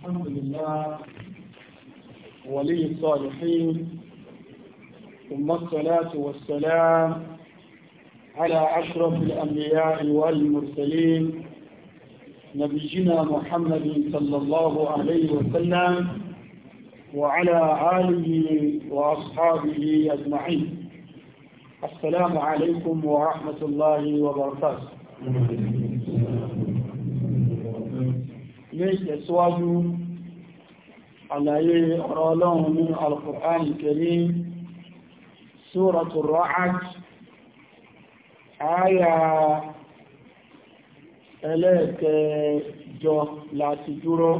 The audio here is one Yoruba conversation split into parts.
الحمد لله ولي الصالحين ثم الصلاة والسلام على أشرف الأنبياء والمرسلين نبينا محمد صلى الله عليه وسلم وعلى آله وأصحابه أجمعين السلام عليكم ورحمة الله وبركاته ní ìtẹ̀síwájú àlàyé ọ̀rọ̀ ọlọ́run ní al-Qur'an al-Karim Suratul Ra'd àyà ẹlẹ́ẹ̀kẹjọ láti dúró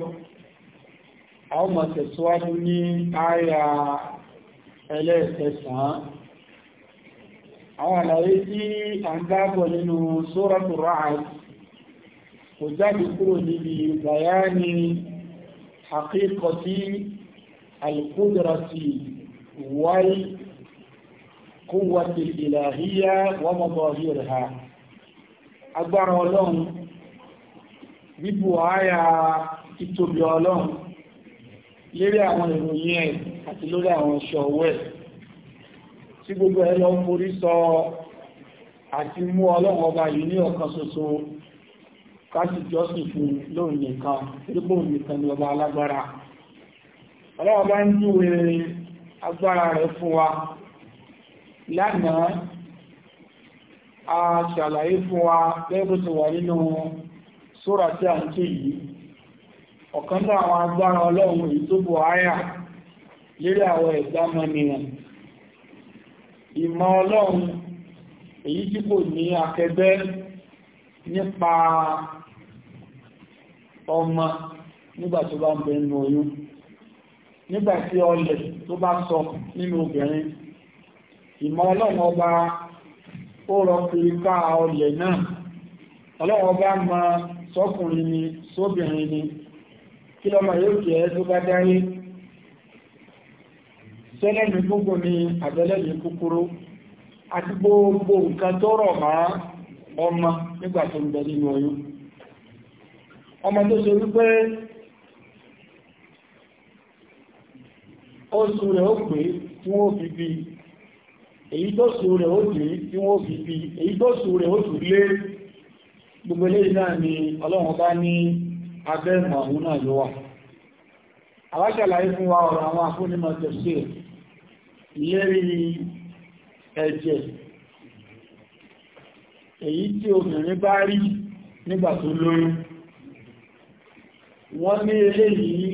a ó máa tẹ̀síwájú ní àyà ẹlẹ́ẹ̀kẹsàn àwọn àlàyé tí a ń dábọ̀ nínú Suratul Ra'd kò jáde kúrò níbi bayani haqiqati alqudrati wal quwwati ilahiyya wa madahirha agbára ọlọ́run bíbu àáyà títóbi ọlọ́run lérí àwọn ìròyìn ẹ̀ àti lórí àwọn iṣẹ́ tí gbogbo ẹ̀ lọ forí sọ àti mú ọlọ́run ọba yìí ní ọ̀kan ṣoṣo káṣì jọ́sìn fún lóun nìkan nígbò nìkan ni ọba alágbára ọlọ́wọ́ bá ń júwe agbára rẹ̀ fún wa lánàá a ṣàlàyé fún wa lẹ́gbẹ́ tó wà nínú sóra tí a ń yìí ọ̀kan náà àwọn agbára ọlọ́run èyí tó bọ̀ áyà lérí àwọn ẹ̀dá ìmọ̀ ọma nígbà tó bá bẹ nínú oyún nígbà tí ọlẹ̀ tó bá sọ nínú obìnrin ìmọ̀ ọlọ́run ọba ó rọ kiri ọlẹ̀ náà ọlọ́run ọba ma sọ́kùnrin ni sóbìnrin ni kí lọ́mọ yóò jẹ́ tó bá dáyé sẹ́lẹ̀mí gbogbo ni kúkúrú àti gbogbo nǹkan tó rọ̀ ọmọ nígbà tó ń bẹ nínú ọmọ tó ṣe wípé oṣù rẹ̀ ó pé tí wọ́n fi bí èyí tó ṣù rẹ̀ ó dé tí wọ́n fi bí èyí tó ṣù rẹ̀ ó tù lé gbogbo eléyìí náà ni ọlọ́run bá ní abẹ́ ìmọ̀ àwọn náà ló wà àwáṣàlàyé fún wa ọ̀rọ̀ àwọn afúnimọ̀ tẹ̀síẹ̀ ẹ̀jẹ̀ èyí tí obìnrin bá rí nígbà tó lóyún wọ́n ní eléyìí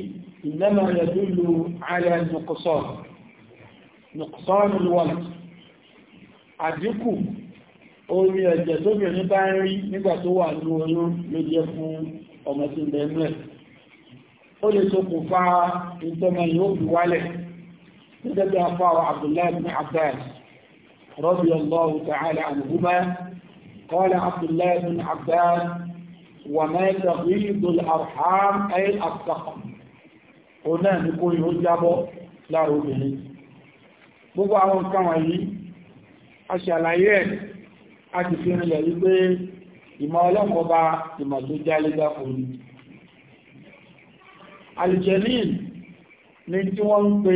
ìnáma yẹ̀dúlù ààrẹ nùkùsọ́ọ̀nù wọ́n àdínkù orí ẹ̀jẹ̀ tó bìnrin bá ń rí nígbà tó wà ní oyún ló jẹ́ fún ọmọ tí ń bẹ̀rẹ̀ ó lè tó kò fa ìtọ́mọ yóò fi wálẹ̀ nígbàtí afáwà Abdullahi bin Abbas وما تغيض الأرحام أي الأبطقم هنا نكون يجب لا ربني gbogbo àwọn nǹkan wọ̀nyí a ṣàlàyé ẹ̀ a ti fi rìnlẹ̀ wípé ìmọ̀ ọlọ́pọ̀ọba ìmọ̀ tó já lẹ́gbà orí alìjẹ̀lín ní tí wọ́n ń pe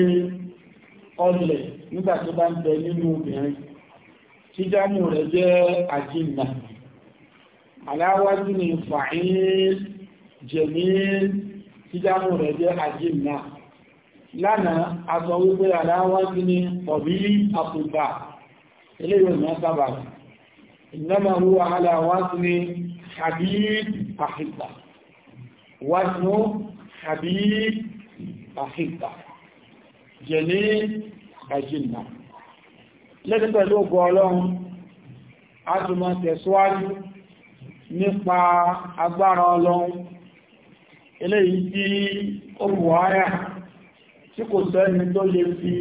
ọlẹ̀ nígbà tó bá ń bẹ nínú obìnrin tí jámù rẹ̀ jẹ́ àjínà aláwájú ni fa'il jamil tíjámù rẹ̀ jẹ́ àjìmná lánàá a sọ wípé aláwájú ni ọ̀bí àpùgbà eléyìn ní sábà ìnáma ruwa aláwájú ni habib àfíkà wájú habib àfíkà jamil àjìmná lẹ́gbẹ̀ẹ́ ló gọ́ ọlọ́run a tún máa tẹ̀síwájú nípa agbára ọlọ́run eléyìí tí ó wù áyà tí kò sẹ́ni tó lè fi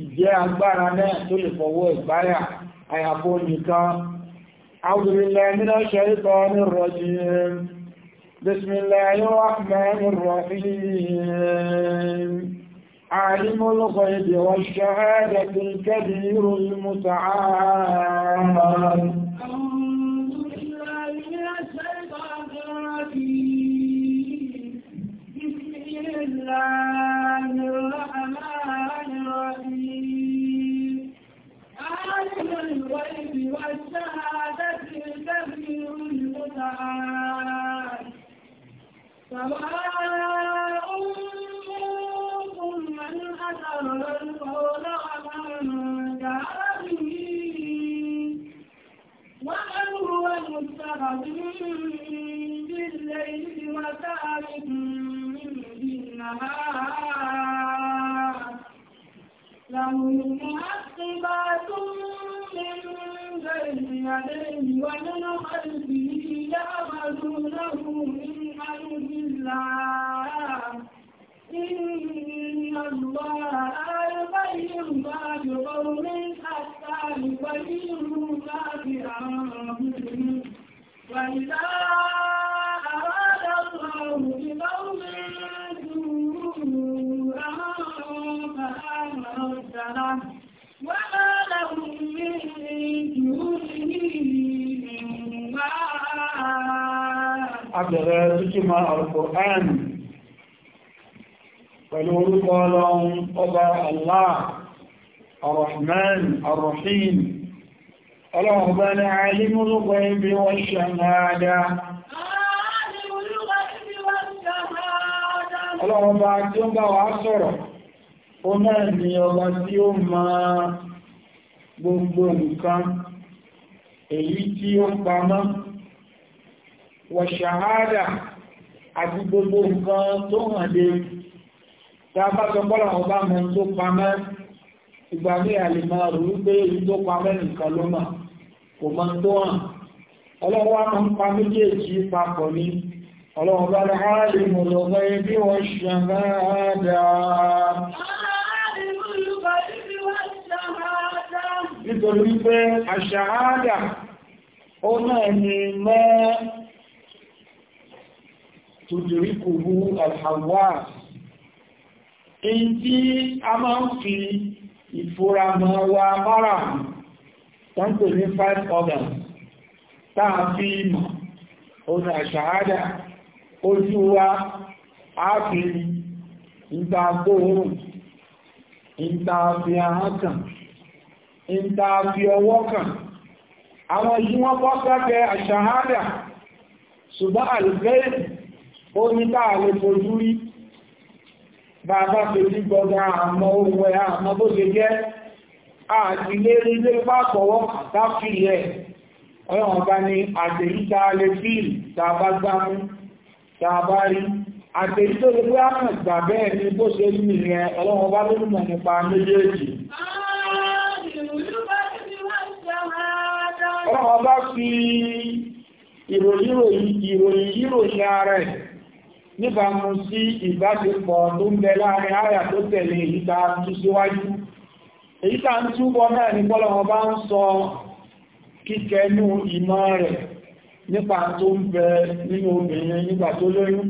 ìjẹ́ agbára náà tó lè fọwọ́ ìgbáyà àyàfó nìkan àwùrìlẹ̀ nínú ṣẹ́ríkọ ní rọ̀jì bismillahir rahmanir rahim عالم الغيب والشهادة الله الرحمن الرحيم عالم الغيب والشهادة الكبير المتعال سواء منكم من أثر القول ومن جعل به ومن هو مستخدم بالليل وسارب السماء له معقبات من بين يديه ومن خلفه يعبدونه من أمر الله إن الله لا يغير ما بقوم حتى يغيروا ما بأنفسهم وإذا حسنة وما لهم من دونه Àbẹ̀rẹ̀ síkímọ̀ Al-Qur'an pẹ̀lú orúkọ ọlọ́run ọba Allah, Ar-Rahman, Ar-Rahim, ọlọ́run bá ní Alimul Ghaibi wash Shahada. Ọlọ́run bá tí ó bá wà sọ̀rọ̀ ó náà ni ọmọ tí ó máa gbogbo nǹkan èyí tí ó pamọ́ wọ̀ṣàhádà àti gbogbo nǹkan tó hàn dé tàbátọ̀pọ̀lọ̀ ọba mọ̀ tó pamọ́ ìgbà ní àlèmọ̀ rúgbé tó pamọ́ nǹkan ló mọ̀ kò mọ̀ tó hàn ọlọ́wọ́ mọ̀ ń pa méjèèjì papọ̀ ní ọlọ́wọ́ bá lọ́wọ́ nítorí wípé àṣàhádà ó náà ni mọ́ tòjìrí kò hú àtàwà èyí tí a máa ń fi ìfúramọ́ wa mara tánpò ní five organs táà fi mọ̀ òun àṣàhádà ojú wa áàfin ìta gbóòrùn ìta fi ahọ́n kàn ìta fi ọwọ́ kàn àwọn yìí wọ́n bọ́ sáfẹ́ àṣàhádà ṣùgbọ́n àlùfẹ́ ó ní táà lè fojú rí bàbá pẹ̀lú gbọ́gbà àmọ́ ohun ẹ̀ àmọ́ bó ṣe jẹ́ àti lé àtẹ̀yí tó lè gbé àmọ̀ ìgbà bẹ́ẹ̀ ni bó ṣe rí nìyẹn ọlọ́run bá lónìí nípa méjèèjì bá fi ìròyìn ìròyìn ìròyìn ààrẹ níbàmú sí ìbáṣepọ̀ tó ń bẹ láàrin àyà tó tẹ̀lé èyí tá a tú síwájú èyí tá ń túbọ̀ náà ní pọ́lọ̀wọ́ bá ń sọ kíkẹnú ìmọ̀ rẹ̀ nípa tó ń bẹ nínú obìnrin nígbà tó lóyún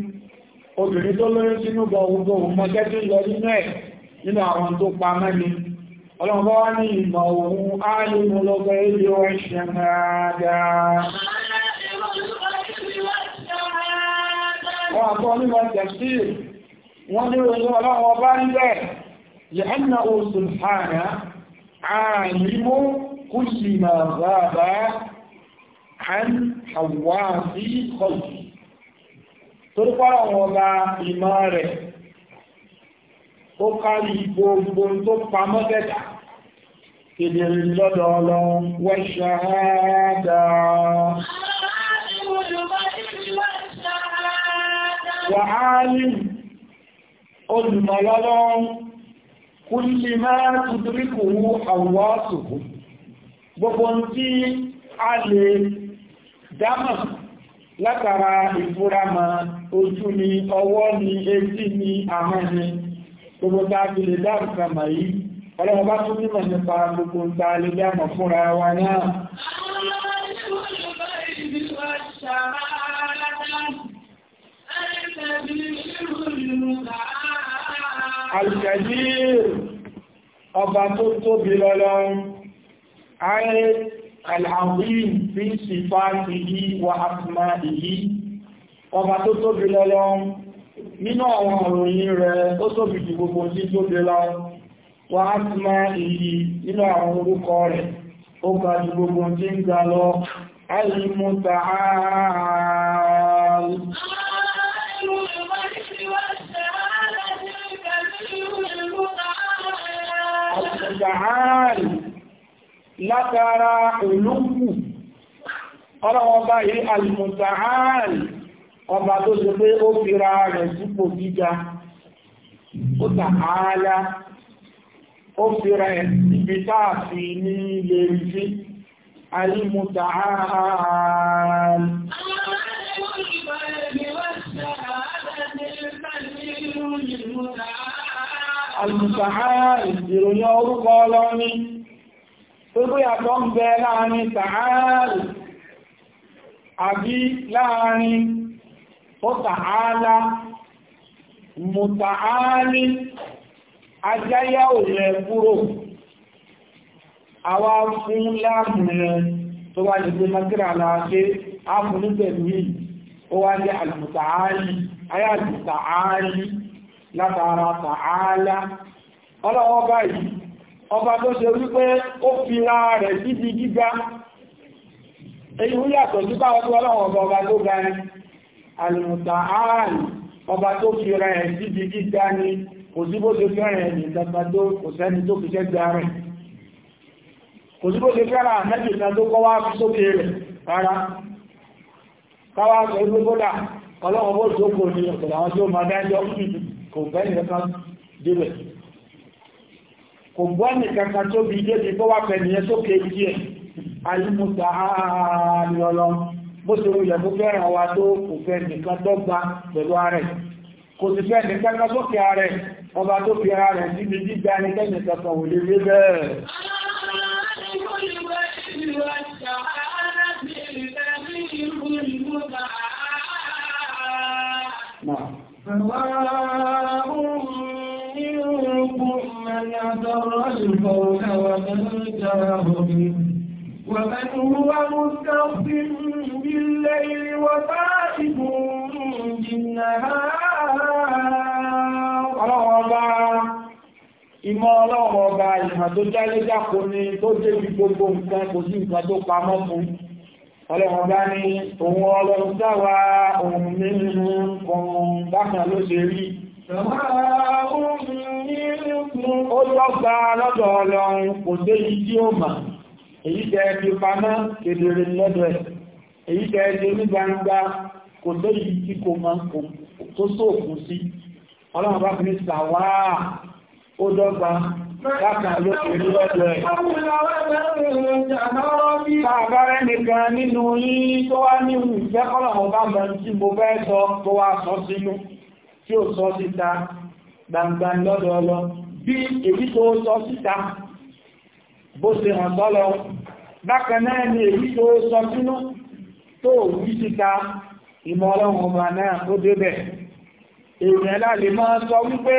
obìnrin tó lóyún sínú bọ̀ gbogbo òun tó lọ nínú ẹ̀ nínú àwọn tó pa mẹ́ni ọlọ́wọ́ ní ìmọ̀ òun áàlùmù lọ́gbẹ́ ilé ọ̀ṣẹ́ dáadáa wọ́n àtọ́ nígbà tẹ̀sí wọ́n ní oṣù ọlọ́wọ́ bá nílẹ̀ yẹ́nà oṣù hànà ààrínmú ó kárí gbogbo tó pamọ́ tẹ́ta kedere lọ́dọ̀ ọlọ́run wẹ́ṣàádá wàhálì olùmọ̀lọ́lọ́run kúlì máa tuturíkòwò àwọ́sùkú gbogbo tí a lè dámọ̀ látara ìfúramọ̀ ojú ni ọwọ́ ni etí ni àmọ́ gbogbo ta fi lè dáàbò kàmà yìí ọlọ́wọ́ bá tún nímọ̀ nípa gbogbo ta lè dáàmọ̀ fúnra wa náà Alkàdír ọba tó tóbi lọ́lọ́run, ayé al'azim fi sífà ìyí wa asma ìyí, ọba tó tóbi lọ́lọ́run, nínú àwọn òròyìn rẹ̀ ó tóbi jù gbogbo tí tó dé lọ wà á ti máa èyí nínú àwọn orúkọ rẹ̀ ó ga jù gbogbo tí ń ga lọ alìmúta ààrẹ látara olóòkù, ọlọ́wọ́ báyìí alìmùtàárì ọba tó ṣe pé ó fira rẹ̀ sípò gíga ó tààlá ó fira ẹ̀ ibi táàfi ní ilé rí alímúta ààrẹ Alùsàárì ìròyìn orúkọ ọlọ́ni, tó bí àtọ́ ń bẹ láàrin sàárì àbí láàrin fọ́tàálá mùtàálí ajáyáwò rẹ̀ kúrò àwa fún láàmù tó wá lè gbé mákírà láàáṣẹ́ áfúnúgbẹ̀mí ó wá jẹ́ alùtàálí ayàlùtàálí látara tàálá ọlọ́wọ́ báyìí ọba tó ṣe wípé ó fi ra rẹ̀ síbi gíga èyí wúyàtọ̀ sí báwọn ọlọ́wọ́ ọba tó ga alìmùtàáàlì ọba tó fi ra ẹ̀ síbi gíga ni kò sí bó ṣe fẹ́rẹ̀ ẹ̀yìn tàbí tó kò sẹ́ni tó fi ṣẹ́gbẹ̀ rẹ̀ kò sí bó ṣe fẹ́rẹ̀ àmẹ́jì kan tó kọ́ wá fi sókè rẹ̀ rárá káwá sọ bó ṣe wùlẹ̀ bó fẹ́ràn wa tó kò fẹ́ nìkan dọ́gba pẹ̀lú ààrẹ kò sì fẹ́ nìkan kan sókè ààrẹ ọba tó fi ara rẹ̀ síbi jíjẹ anìkẹ́yìn kankan ò rí bẹ́ẹ̀ ومن هو مستغفر بالليل وسائب بالنهار ọlọ́wọ́ba ìmọ̀ ọlọ́wọ́ba ìmọ̀ tó jálé jákò ní tó débi gbogbo nǹkan kò sí ní ohun ọlọ́run dáwà ohun nínú kan bákan ló ṣe rí ó lọ́gbà lọ́dọ̀ ọlọ́run kò dé yí tí ó mà èyí tẹ́ fi pamọ́ kedere lọ́dọ̀ ẹ̀ èyí tẹ́ ẹjẹ́ ní gbangba kò tó yìí tí kò mọ́ tó sóòkùn sí ọlọ́run bá fi ní sàwáà ó dọ́gba láka lókèrè lọ́dọ̀ ẹ̀ sàbárẹ́ nìkan nínú yìí tó wá ní ìfẹ́ ọlọ́run bá mọ̀ tí mo fẹ́ sọ tó wá sọ sínú tí ó sọ síta gbangba lọ́dọ̀ ọlọ́ bí èyí tó sọ síta bó ṣe hàn sọ́lọ bákan náà ni èyí tó sọ sínú tó wí síta ìmọ̀ ọlọ́run ọba náà ó débẹ̀ èèyàn láàrin máa sọ wípé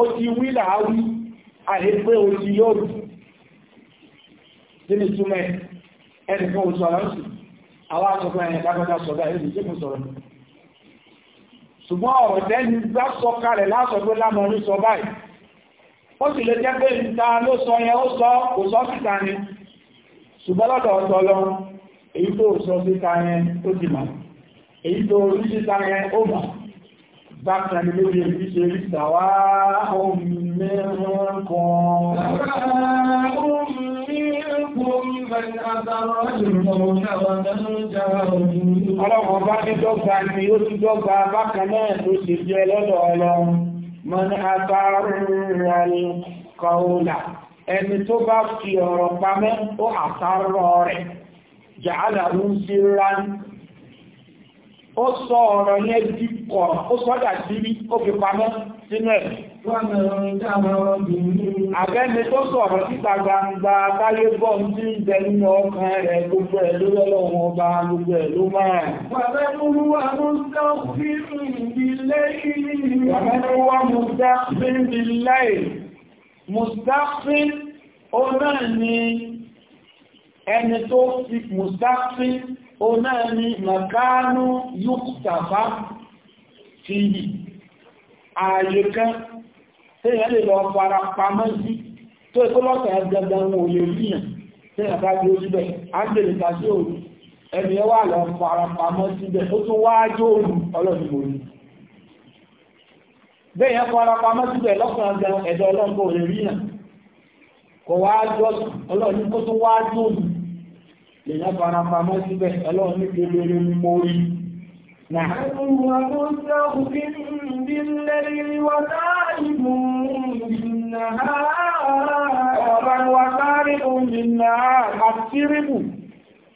ó ti wí làáwí àìpé ó ti yóò nínú túnmẹ̀ ẹnìkan oṣù aláṣù àwọn àtọ́kọ́ ẹ̀yẹn lágbàdá sọ̀dá èdè tí kò sọ̀rọ̀ ṣùgbọ́n ọ̀rọ̀ tẹ́ni bá sọ kalẹ̀ lásọ pé lámọ̀rí sọ báyìí ó sì lè jẹ́ pé ìta ló sọ yẹn ó sọ kò sọ síta ni ṣùgbọ́n lọ́dọ̀ ọ̀tọ̀ lọ́run èyí tó sọ síta yẹn ó ti mà èyí tó rí síta yẹn ó mà bákan ní lórí èyí ṣe rí sàwá mẹ́rin kan Ọlọ́run bá ní dọ́gba ni ó ti dọ́gba bákan náà tó ṣe jẹ́ lọ́dọ̀ ọlọ́run, mọ́ ní àtàrà kọ̀ọ̀lá, ẹni tó bá fi ọ̀rọ̀ pamẹ́ ó àtàrà rẹ̀ jàálà ló ń sí rán ó sọ ọ̀rọ̀ yẹn di kọ̀rọ̀ ó sọ́dà sí rí ó fi pamọ́ sínú ẹ̀ àbẹ́ni tó sọ̀rọ̀ síta gbangba báyé bọ́ tí ń bẹ nínú ọkàn rẹ̀ gbogbo ẹ̀ ló lọ́lọ́wọ́ ọba gbogbo ẹ̀ ló máa Wàbẹ́ mú wá mú ẹni tó fi mùsáfí o náà ni makánú yúkùtàfá ti yìí ààyè kan tẹ́yẹ lè lọ fara pamọ́ sí tó ẹ̀kọ́ lọ́tọ̀ ẹgbẹ̀gbẹ̀ wọn ò lè ríyàn tẹ́yẹ bá gbé síbẹ̀ ágbèrè tàbí òru ẹni ẹwà lọ fara pamọ́ síbẹ̀ ó tún wáájú òru ọlọ́dúnmòrú bẹ́yẹ fara pamọ́ síbẹ̀ lọ́kàn ẹgbẹ̀ ẹ̀dọ̀ ọlọ́gbọ̀ ríyàn kò wáájú òru èèyàn fara pamọ́ síbẹ̀ ọlọ́run ní kedere ní mo rí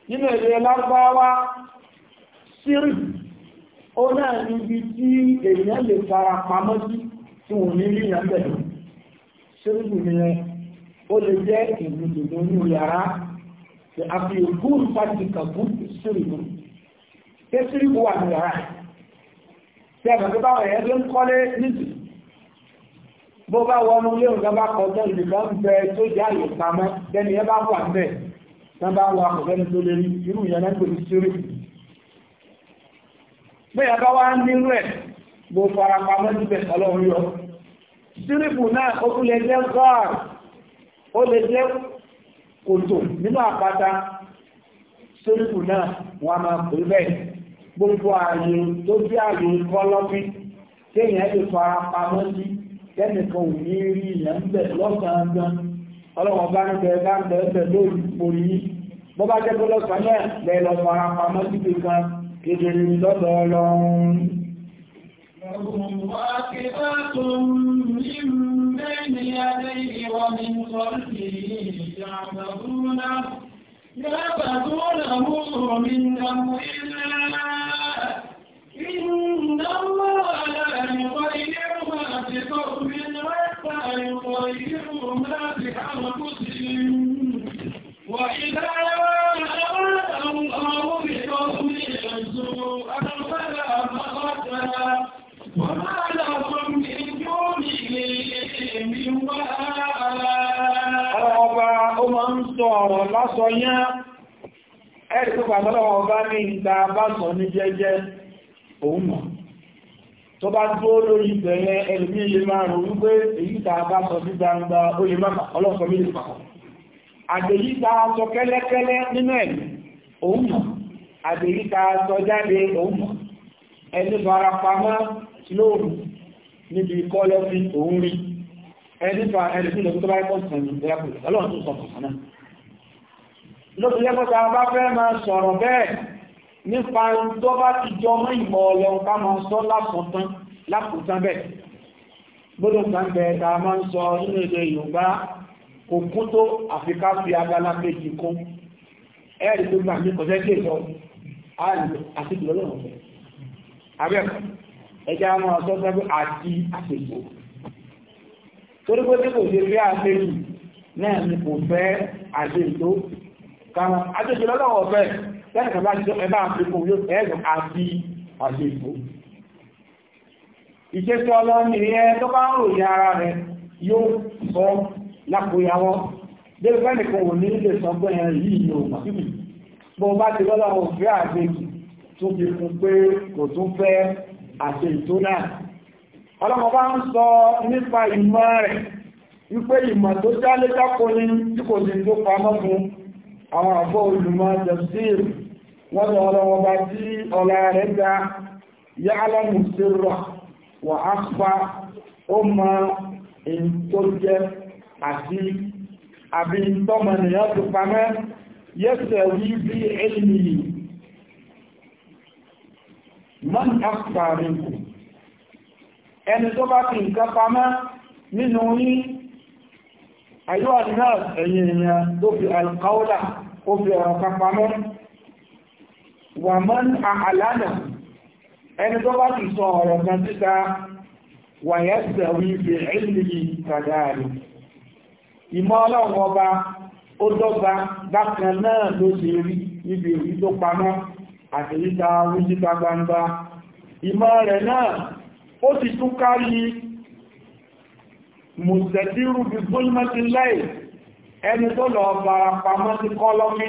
Nínú èdè lárúbáwá, sírì, ó náà ní ibi tí èèyàn lè fara pamọ́ sí tí wọ́n ní rí ìyàn bẹ̀rẹ̀. Sírì bù ní ẹ, ó lè jẹ́ ìgbìdìdò ní yàrá the abdul fatika good siribu ṣé siribu wà ní yàrá ṣe se a gente ẹ̀yẹ́ tó ń kọ́lé nìsí bó bá wọnú ilé òun bá kọjọ́ ìdìkan ń bẹ tó jẹ́ àyè pamọ́ lẹ́ni ẹ bá wà bẹ́ẹ̀ tán bá wà kò lẹ́ni tó lè rí irú ìyẹn náà pẹ̀lú siribu bẹ́ẹ̀ bá wá nírú ẹ̀ bó fara pamọ́ síbẹ̀ ọlọ́run yọ siribu náà ó tún lè jẹ́ gọ́ọ̀rù ó lè jẹ́ kòtò nínú àpáta sóríkù náà wọ́n a máa pè bẹ́ẹ̀ gbogbo ààyè tó bí ààyè kọ́lọ́bí téèyàn ti fara pamọ́ sí tẹ́nìkan ò ní rí ìyàn bẹ̀ lọ́sàn-án gan ọlọ́wọ́n bá ń bẹ bá ń bẹ bẹ lórí orí yìí bó bá jẹ́ bó lọ́sàn náà lẹ́ lọ fara pamọ́ síbi kan kedere lọ́dọ̀ ومن خلفه يعبدونه يعبدونه من أمر الله إن الله لا يغير ما بقوم حتى يغيروا ما بأنفسهم وإذا ọ̀rọ̀ lásọ yán ẹ̀rì tó pàtàlọ́wọ́ bá ní ìta bá sọ ní jẹ́jẹ́ òun mọ̀ tó bá tó lórí ìbẹ̀rẹ̀ ẹlùmí ilé máa rò wípé èyí ta bá sọ sí gbangba ó lè má ọlọ́sọ mílì pàpọ̀ àgbèyí ta sọ kẹ́lẹ́kẹ́lẹ́ nínú ẹ̀mí òun mọ̀ àgbèyí ta sọ jáde òun mọ̀ ẹni fara pamọ́ lóòrùn níbi ìkọ́lẹ́sí òun rí ẹni fa ẹni sí lọ́gbọ́n bá ẹ̀kọ́ sàn ìgbéyàwó ọlọ́run tó sọ ló fi lẹ́pọ̀ta bá fẹ́ máa sọ̀rọ̀ bẹ́ẹ̀ nípa tó bá ti jọ mọ́ ìmọ̀ ọlọ́run ká máa sọ lápòtán lápòtán bẹ́ẹ̀ gbọ́dọ̀ kan bẹ̀ẹ̀ ta máa ń sọ nínú èdè Yorùbá kò kún tó àfi ká fi agbára méjì kún ẹ̀rì tó gbà mí kọjá dé sọ àìlò àti ìlọ́lọ́run fẹ́ abẹ́kọ̀ ẹjá máa sọ sẹ́gbẹ́ àti àṣèjò torí pé ni kò fẹ́ kára àjèjì lọ́lọ́wọ́ ọ̀fẹ́ lẹ́ẹ̀kan bá jẹ́ ẹbá àfikún yóò ẹ̀rùn àti àjèjì ìṣẹ́sí ọlọ́ni ẹ tó bá ń ròyìn ara rẹ̀ yóò sọ lápòyàwọ́ délùfẹ́ nìkan ò ní lè sọ pé ẹ̀rùn yìí ni òun àti bó bá ti lọ́lọ́wọ́ ọ̀fẹ́ àjèjì tó fi fún pé kò tún fẹ́ àjèjì tó náà ọlọ́mọ bá ń sọ nípa ìmọ̀ rẹ̀ já lé jákòó ní tí kò sí tó pamọ́ àwọn àbọ̀ olùmọ̀ tafsir wọ́n ni ọlọ́wọ́ bá tí ọlá rẹ̀ ga ya'lamu sirra wa akhfa ó ma èyí tó jẹ́ àti àbí tọ́mọ nìyàn tó pamẹ́ yẹ́sẹ̀ wí bí ilmi yìí man akhfa rẹ̀ ẹni tó bá fi nǹkan pamẹ́ nínú yìí àyíwá náà ẹ̀yìn èèyàn tó fi alkaola ó fi ọ̀rọ̀ kapamọ́ wà mọ́n àhàlánà ẹni tó bá ti sọ ọ̀rọ̀ kan síta wà yẹ́ sẹ̀wí fi ìlìyí kàdáàrí ìmọ̀ ọlọ́run ọba ó dọ́gba bákan mùsẹ̀dírù bí gbólmọ́tí láì ẹni tó lọ bára pamọ́ sí kọ́lọ́mí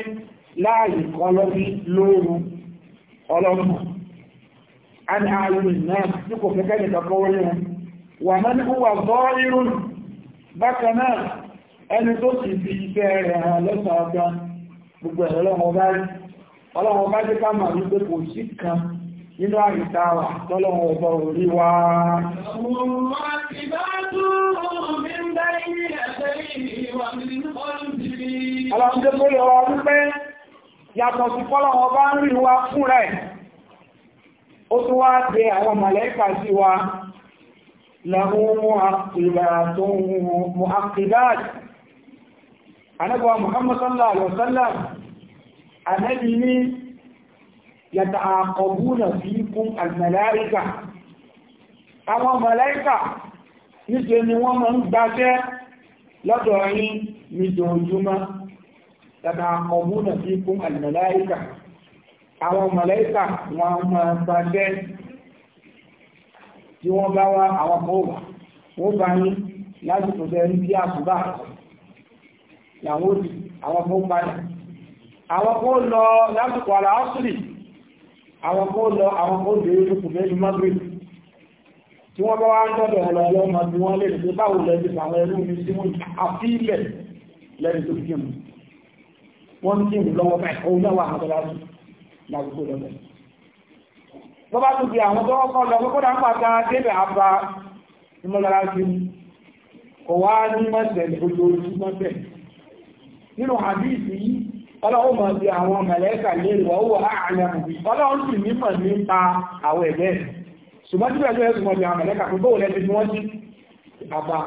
láàyè kọ́lọ́mí lóòrù ọlọ́mù àti ààrùn náà tí kò fẹ́ kẹ́lẹ̀ kọ́kọ́wọ́ ní wọn wà mọ́ ní wà bọ́ irun bákan náà ẹni tó sì fi iṣẹ́ rẹ̀ hàn lọ́sàn-án gbogbo ẹ̀rọ ọlọ́wọ́ bá rí ọlọ́wọ́ bá jẹ́ ká màá wípé kò sí kan nínú tọ́lọ́wọ́ ọ̀bọ̀ orí wa. Àwọn ọmọ Ọlọ́run tó lè wọ wípé yàtọ̀ sí fọ́lọ́wọ́ bá ń rí wa fún rẹ̀. Ó tún wá dé àwọn màlẹ́kà sí wa lọ́wọ́ mú àkìdáàdì. Ànábì Muhammad sallallahu alaihi wasallam, Ànábì ní yàtà àkọ̀bú nà fíkún àmàlẹ́kà. Àwọn màlẹ́kà níṣe ni wọ́n máa ń gbaṣẹ́ lọ́dọ̀ yín níjòjúmọ́ tàbí àkọ̀bú náà sí fún àlùmọ̀láìkà àwọn mọ̀láìkà wọn máa gbaṣẹ́ tí wọ́n bá wá àwọn kan wà wọ́n bá yín lásìkò tẹ́ ní bí àtúbà làwọn òdì àwọn kan padà àwọn kan lọ àwọn kan lè rí kùfẹ́ ní tí wọ́n bá wá ń dọ́dọ̀ ọlọ́lọ́ ọmọ bí wọ́n lè pé báwo lẹ́bí àwọn ẹrú mi sí wọ́n àfílẹ̀ lẹ́bí tó kí mú wọ́n kí mú lọ́wọ́ báyìí òun náà wà àwọn tọ́lá sí lágbègbè lọ́dọ̀ tó bá tún fi àwọn tó kọ́ lọ kókó dá ń pàtà débẹ̀ àbá ìmọ̀lára sí mú kò wá ní mọ́tẹ̀ ojoojúmọ́ bẹ̀ nínú àdíìsì yìí ọlọ́run mọ̀ sí àwọn mẹ̀lẹ́kà lè wọ́ wọ́ àárín àmì ọlọ́run sì nímọ̀ nípa àwọn ẹ̀gbẹ́ ṣùgbọ́n tí pẹ̀lú ẹ̀sùn ọdún àwọn ẹ̀lẹ́kà fún bóòlẹ́ ti wọ́n sí bàbá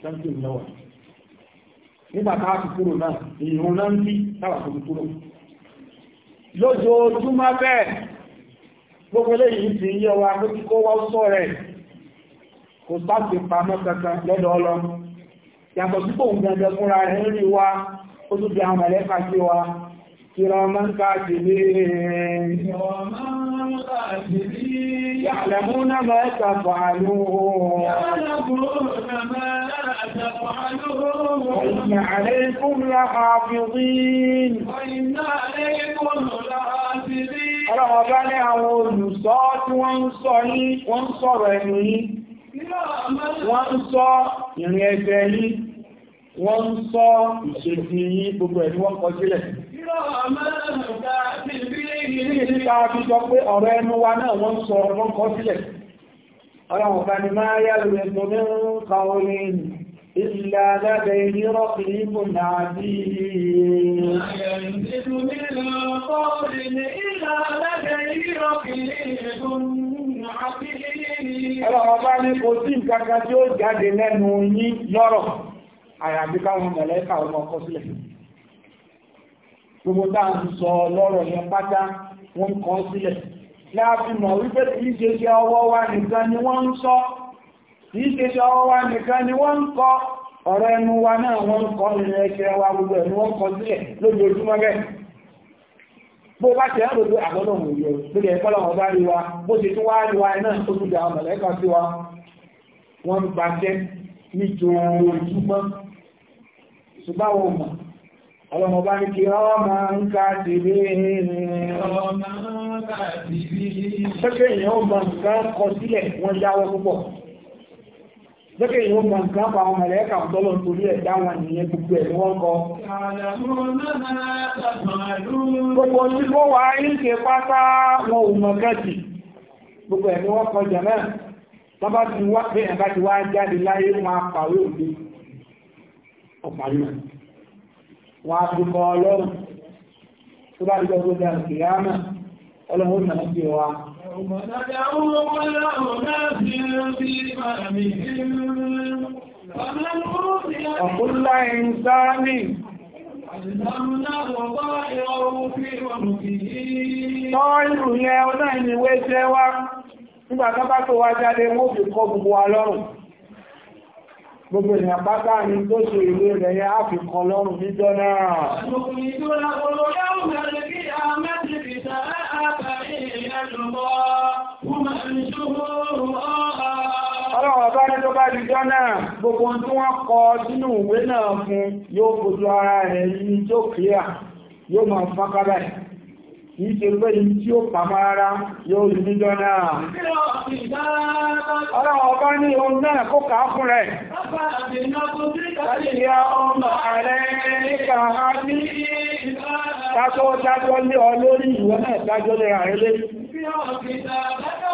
ṣẹ́ntì lọ́wọ́ nígbà táà ti kúrò náà ìhun náà ń bí táwà tó kúrò lójoojúmọ́ bẹ́ẹ̀ gbogbo eléyìí ti yẹ wa ló ti kó wọ́n sọ rẹ̀ kò sáàtì pamọ́ kankan lọ́dọ̀ ọlọ yàtọ̀ sí ń gẹ̀ẹ́gẹ́ fúnra rẹ̀ ń rí wa ó tún di àwọn ẹ̀lẹ́kà wa كراما كاتبين يعلمون ما تفعلون يعلمون ما تفعلون وإن عليكم لحافظين وإن عليكم لحافظين ọlọ́wọ́ bá ní àwọn olùṣọ́ tí wọ́n ń sọ ní wọ́n ń sọ̀rọ̀ ẹnu yìí wọ́n sọ ìrìn ẹgbẹ́ yìí wọ́n sọ ìṣèjì yìí gbogbo ẹ̀ ni wọ́n kọ sílẹ̀ Káàkiri sọ pé ọ̀rọ̀ ẹnu wa náà wọ́n sọ ọ̀rọ̀ kọ́ sílẹ̀. Ọlọ́run bá ni máa yá lórí ẹ̀tọ́ ní ọ̀rọ̀ orin ìlà lábẹ́ ilé rọ́pì nípò náà bí i. Ọlọ́run bá ní kò sí nǹkan kan tí ó jáde lẹ́nu yín lọ́rọ̀, àyàbí káwọn mọ̀lẹ́kà ọmọ kọ́ sílẹ̀ gbogbo tá à ń sọ lọ́rọ̀ yẹn pátá wọ́n kọ́ sílẹ̀ láàfin mọ̀ wípé kìí ṣe ṣe ọwọ́ wa nìkan ni wọ́n ń sọ kìí ṣe ṣe ọwọ́ wa nìkan ni wọ́n ń kọ ọ̀rọ̀ ẹnu wa náà wọ́n ń kọ́ nínú ẹ̀ṣẹ̀ wa gbogbo ẹ̀nu wọ́n kọ sílẹ̀ lójoojúmọ́ bẹ́ẹ̀ bó bá ṣe ẹ̀rọ pé àgbọ́dọ̀ mọ̀ yẹ lórí ẹ̀kọ́ lọ́wọ́ bá rí wa bó ṣe tún wá rí wa náà tó tún dáa mọ̀lẹ́kà sí wa wọ́n ń gbaṣẹ́ nítorí ojúmọ́ ṣùgbọ́n wọn mọ̀ ọlọ́mọ bá ní kí ọmọ ń ká ti bí ṣẹ́kẹ́ èèyàn ó mọ̀ nǹkan kọ sílẹ̀ wọ́n jáwọ́ púpọ̀ ṣẹ́kẹ́ èèyàn ó mọ̀ nǹkan pa àwọn mẹ̀lẹ́kà tọ́lọ̀ torí ẹ̀ dáwọn ènìyàn gbogbo ẹ̀ wọ́n kọ gbogbo tí ó wà ń ṣe pátá wọn ò mọ̀ kẹ́tì gbogbo ẹ̀ ni wọ́n kọ jẹ̀ náà bábá ti wá pé ẹ̀ bá ti wá jáde láyé wọn apàwé òde ọ̀pàá náà wọn á fi kọ́ ọlọ́run tó bá dúdọ́ tó dáa kìláàmà ọlọ́run náà sí wa. Ọ̀kúnlá ìsáàmì Tọ́ìrù yẹn ọ̀nà ìníwé jẹ́ wá, nígbàtán bá tó wá jáde mú fi kọ́ gbogbo wa lọ́rùn. Gbogbo ènìyàn pátá ni tó ṣe ìlú rẹ̀ yẹ á lọ́rùn ní tó gbogbo tí wọ́n kọ sínú ìwé náà fún yóò fojú ara rẹ̀ ní jókèá, yóò máa fọ́n kìí ṣe yìí tí ó pàmà ara yóò rí níjọ́ náà. Ọ̀rọ̀ ọba ní ohun náà kó kàá fún rẹ̀. Láyíyá ọmọ ààrẹ níka a ní ìdájọ́ dájọ́ ààrẹ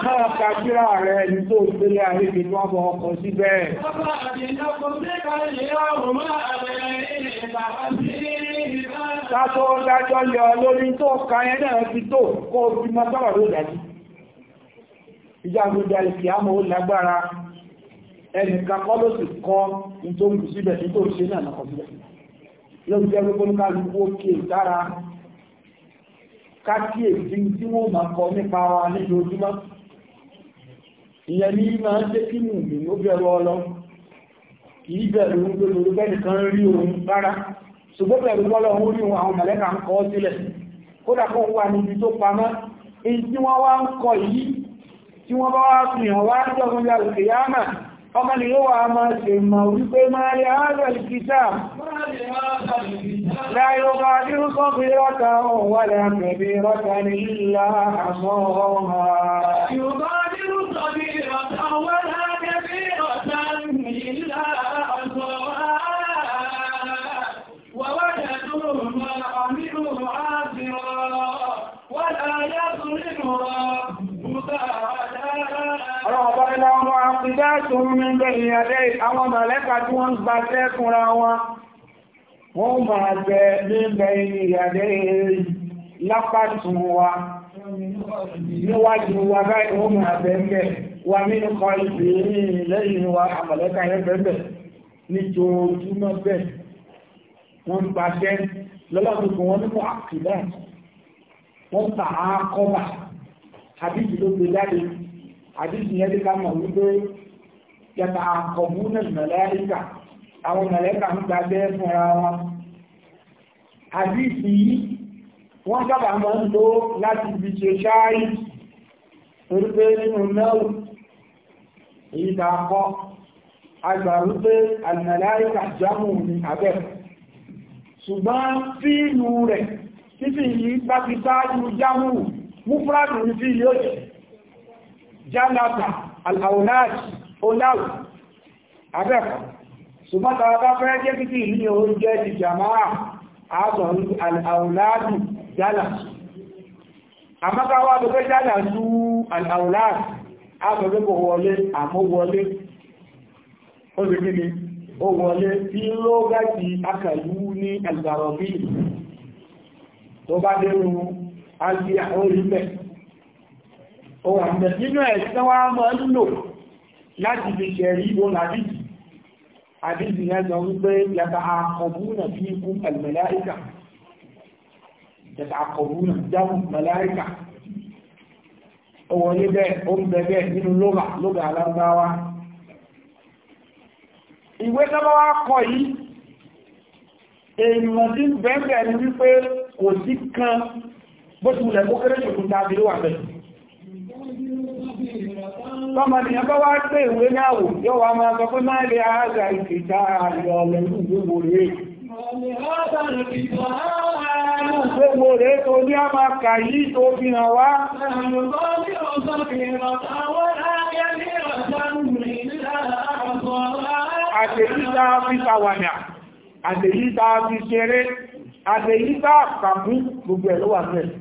Náà kàkírà rẹ̀ ní tó gbélé ayé ní wọ́n bọ ọkọ̀ sí bẹ́ẹ̀. Tátó dájọ́ yọ lórí tó kàyẹ náà ti tó kó fi mọ́ sáwà ló dájú. Ìjà gbogbo ìsì àmọ́ lágbára ẹnìkan kọ́ ló sì kọ́ síbẹ̀ tó ṣe náà nàkọ̀ káàkiri èdè tí wọ́n máa kọ nípa wa lójoojúmọ́ ìyẹn ní máa ń jẹ́ kí mù mí ó bẹ̀rù ọlọ kì í bẹ̀rù olórí bẹ́ẹ̀ kan rí òun rárá ṣùgbọ́n bẹ̀rù bọ́lọ̀ òun rí òun àwọn mọ̀lẹ́ka ń kọ́ sílẹ̀ kódà kó wà níbi tó pamọ́ èyí tí wọ́n wá ń kọ yìí tí wọ́n bá wá fi ọmọ ni yóò wá máa ṣe mọ̀ wípé máa rí àárẹ̀ ìkìtà máa rí àárẹ̀ ìkìtà لا يغادر صغيرة ولا كبيرة إلا أحصاها يغادر صغيرة ولا كبيرة إلا أحصاها ووجدوا ما عملوا عاصرا ولا يظلم ربك أحدا. Àwọn ọ̀bá ilẹ̀ ọmọ àpìdá tó ń mú bẹ̀rẹ̀ yàdẹ́ àwọn mọ̀lẹ́kà tí wọ́n ń gbà tẹ́kùnra wọn wọ́n máa bẹ nílẹ̀ ìrìnàlẹ́ èyí lápàtún wa níwájú wa báyìí wọ́n máa bẹ̀ẹ̀bẹ̀ wa nínú kọ ìpè lẹ́yìn wa àmọ̀lẹ́ka yẹn bẹ̀ẹ̀bẹ̀ nítorójúmọ́ bẹ̀ wọ́n ń pa jẹ́ lọ́lọ́dúnkún wọn nínú àkìlẹ̀ wọ́n tà á kọ́bà àdíjì ló gbé jáde àdíjì yẹn dé ká mọ̀ wípé yàtà àkọ̀bù náà mẹ̀lẹ́ríkà àwọn mọ̀lẹ́kà ń gbàgbẹ́ fúnra wọn àdíìsì yìí wọ́n sábà máa ń lò láti fi ṣe ṣááì torí pé nínú mẹ́rù èyí ta kọ́ agbà wípé àmàláìkà jámù ní abẹ́ ṣùgbọ́n fíìlù rẹ̀ títí yìí bá ti sáájú jámù múfúrádù ní fíìlì ó jẹ́ jálàtà aláwòláàjì ṣùgbọ́n tàbí bá fẹ́ jẹ́ kí ìlú ni ó jẹ́ ti jàmáà àtọ̀ al'auladu jálà àmọ́káwà tó fẹ́ jálà sú al'auladu àtọ̀ tó kò wọlé àmúwọlé ó sì kíni ó wọlé tí ló gáti akàlú ní albarobi tó bá dẹ̀rù alfíà orílẹ̀ ó láti fi ṣẹ̀rí ìbò nàbíjì àdìsí yẹn sọ wípé yàtà àkọ̀bùnà fi kú àlùmọ̀láìkà yàtà àkọ̀bùnà jáwù mọ̀láìkà ó wọlé bẹ́ẹ̀ ó ń bẹ bẹ́ẹ̀ nínú lóga lóga alágbáwá ìwé sábà wá kọ yìí èèyàn tí bẹ́ẹ̀ ni wípé kò sí kan bó ti wùlẹ̀ kó kéré ṣòkúta àbílówà bẹ́ẹ̀ tọ́mọnìyàn bá wá pé ìwé náà wò yóò wá máa sọ pé máa lè ààgà ìfìta àyọ̀ lẹ́nu gbogbo rẹ̀ gbogbo rẹ̀ tó ní a máa kà yí tó fi hàn wá àtèyíta fi sàwàdà àtèyíta fi ṣeré àtèyíta kàkún gbogbo ẹ̀ ló wà mẹ́rin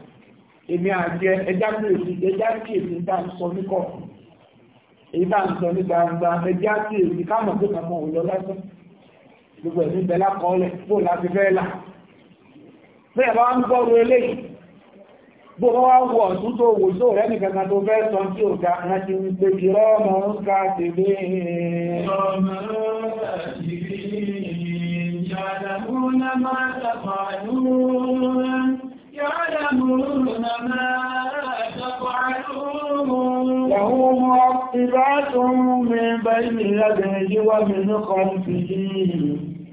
èmi àjẹ ẹjá kìí ẹjá kìí nígbà sọ níkọ èyí bá ń sọ ní gbangba ẹjá kìí ní káàmọ̀ tó kàn mọ́ òun lọ lásán gbogbo ẹ̀mí bẹ́lá kọ́ọ́lẹ̀ bó láti fẹ́ là bí ẹ̀bá ń gbọ́rù eléyìí bó wọ́n wá wọ̀ tún tó wò tó rẹ́ nìkan kan tó fẹ́ sọ tí ò ga ẹran ti ń pe kí rọ́ọ̀mọ̀ ń ká tèmi Ìjọba تعلمون ما من بين يديه ومن خلفه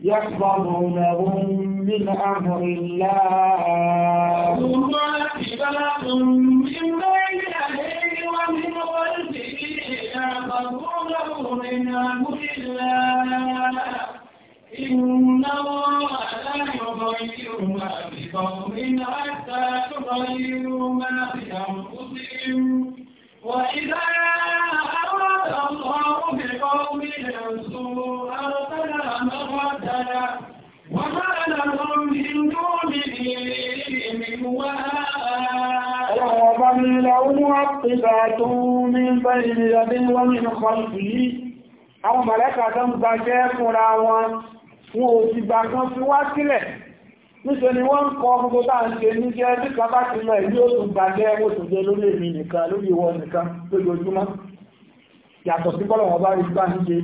يحفظونه من أمر الله له معقبات من بين يديه ومن خلفه يحفظونه من أمر الله Inna Allah la yughayyiru ma bi qawmin hatta yughayyiru ma bi wa idha arada Allah bi qawmin su'an fala maradda wa ma lahum min dunihi min wala ومن له معقبات من بين يديه ومن خلفه أو ملكة wọn ò ti gbà kan fi wá sílẹ̀ níṣẹ́ ni wọ́n ń kọ gbogbo bá ń ṣe ní jẹ́ bí kan bá ti lọ ìlú òtún gbàgbẹ́ òtún jẹ lórí èmi nìkan lórí ìwọ nìkan lójoojúmọ́ yàtọ̀ sí bọ́lọ̀ wọn bá rí gbà níṣe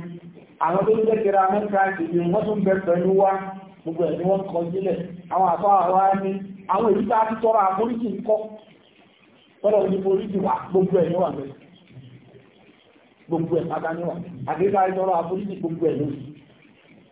àwọn tó jẹ́ kẹra mẹ́ta ìṣèlú wọ́n tún bẹ pẹ̀lú wa gbogbo ẹ̀ ni wọ́n kọ sílẹ̀ àwọn àfọ́ àwa ní àwọn èyí tá a ti tọrọ àforíjì ń kọ́ bọ́lọ̀ ní foríjì wà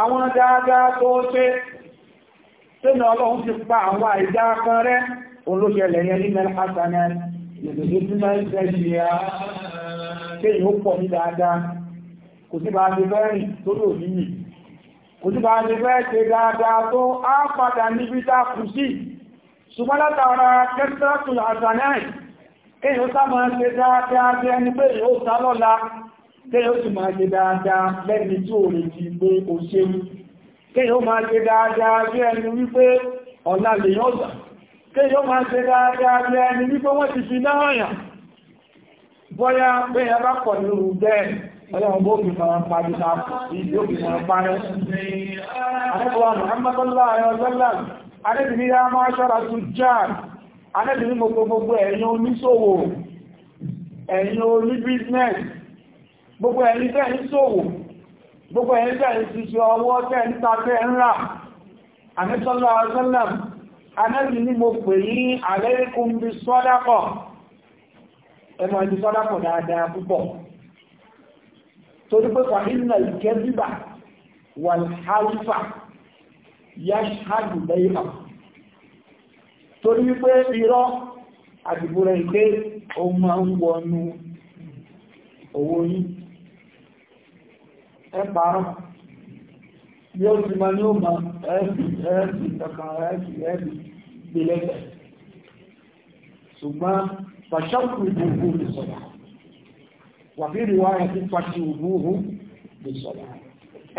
àwọn dáadáa tó ṣe tẹ́nà ọlọ́run ti pa àwọn àìdá kan rẹ́ òun ló ṣẹlẹ̀ yẹn ní mẹ́lẹ́kásánà ìgbèsè tí máa ń tẹ́jì ya kéyìn ó pọ̀ ní dáadáa kò sí bá ti fẹ́ rìn tó lò ní yìí kò ṣùgbọ́n látara kẹ́sìtẹ́rẹ́tù àṣànáì kéyìn ó sá máa ṣe dáadáa jẹ́ ní pé yóò sá kéyàn ó sì máa ṣe dáadáa lẹ́ni tí ò lè ti gbé òṣèlú kéyàn ó máa ṣe dáadáa bí ẹni wípé ọ̀la lèyàn ọ̀gbà kéyàn ó máa ṣe dáadáa bí ẹni wípé wọ́n ti fi náà yàn bọ́yá péyàn bá pọ̀ nírú bẹ́ẹ̀ ọlọ́run bó fi máa gbogbo ẹni tẹ́ ń gbogbo ẹni tẹ́ ń ṣiṣẹ́ ọwọ́ tẹ́ ń ta ń rà anẹ́bì ní mo pè ní bí sọ́dápọ̀ ẹmọ ibi sọ́dápọ̀ dáadáa púpọ̀ torí pé wà yá ṣáàdù lẹ́yìnà torí pé irọ́ àdìbò rẹ̀ ìgbé ohun máa ń wọnú owó yìí ẹ̀pàrọ̀ bí ó ti ma ní ó ma ẹ̀ẹ́sì ẹ̀ẹ́sì kankan ẹ̀ẹ́sì ẹ̀ẹ́sì gbẹ̀lẹ́gbẹ̀ ṣùgbọ́n pàṣẹ́kù ìgbòho lè sọ̀rọ̀ wàbírí wá ẹ̀ fún pàṣẹ ìgbòho lè sọ̀rọ̀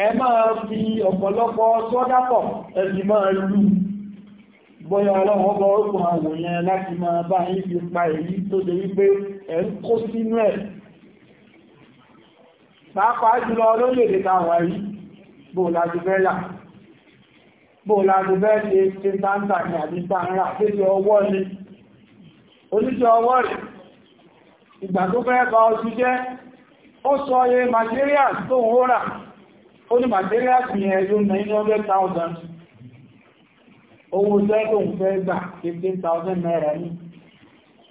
ẹ máa fi ọ̀pọ̀lọpọ̀ sọ́dápọ̀ ẹ̀sì máa lú bóyá ọlọ́run ọgbọ́ orúkùn àwòyẹn láti máa bá yín fi pa èyí tó ṣe wípé ẹ̀ ń kó sínú ẹ̀ pàápàá jùlọ olóòlèdè táwà yìí bó láti fẹ́ yà bó láti fẹ́ ṣe ṣe táńtà ní àdíta ńlá pèsè ọwọ́ ni oníṣẹ́ ọwọ́ rẹ̀ ìgbà tó fẹ́ kọ ọtí jẹ́ ó sọ iye materials tó ń hóra ó ní materials ní ẹ̀yọ́ 900,000 owó tẹ́ tó ń fẹ́ gbà 15,000 naira ní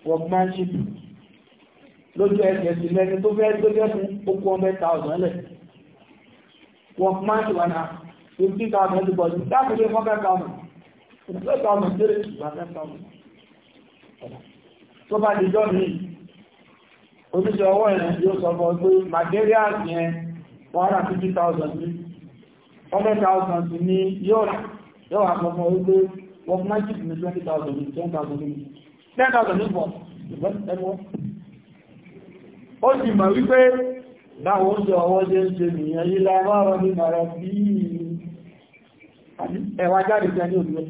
workmanship lójú ẹsẹ̀ sí lẹ́ni tó fẹ́ tó jẹ́ fún okú ọmọ ẹ̀ta ọ̀sán lẹ̀ wọ́n máa ń wà náà fifty thousand ti bọ̀dù láti lé four thousand fifty thousand tẹ́lẹ̀ ìgbà ten thousand tó bá di jọ́ mi oníṣẹ́ ọwọ́ yẹn yóò sọ fún ọ pé materials yẹn one hundred fifty yóò rà yóò wà fún ó sì mọ̀ wípé dáwọn oúnjẹ ọwọ́ jẹ́ ń ṣe nìyàn yí lámọ́rọ̀ ní mọ̀rọ̀ bí ẹwà jáde jẹ́ ní òbí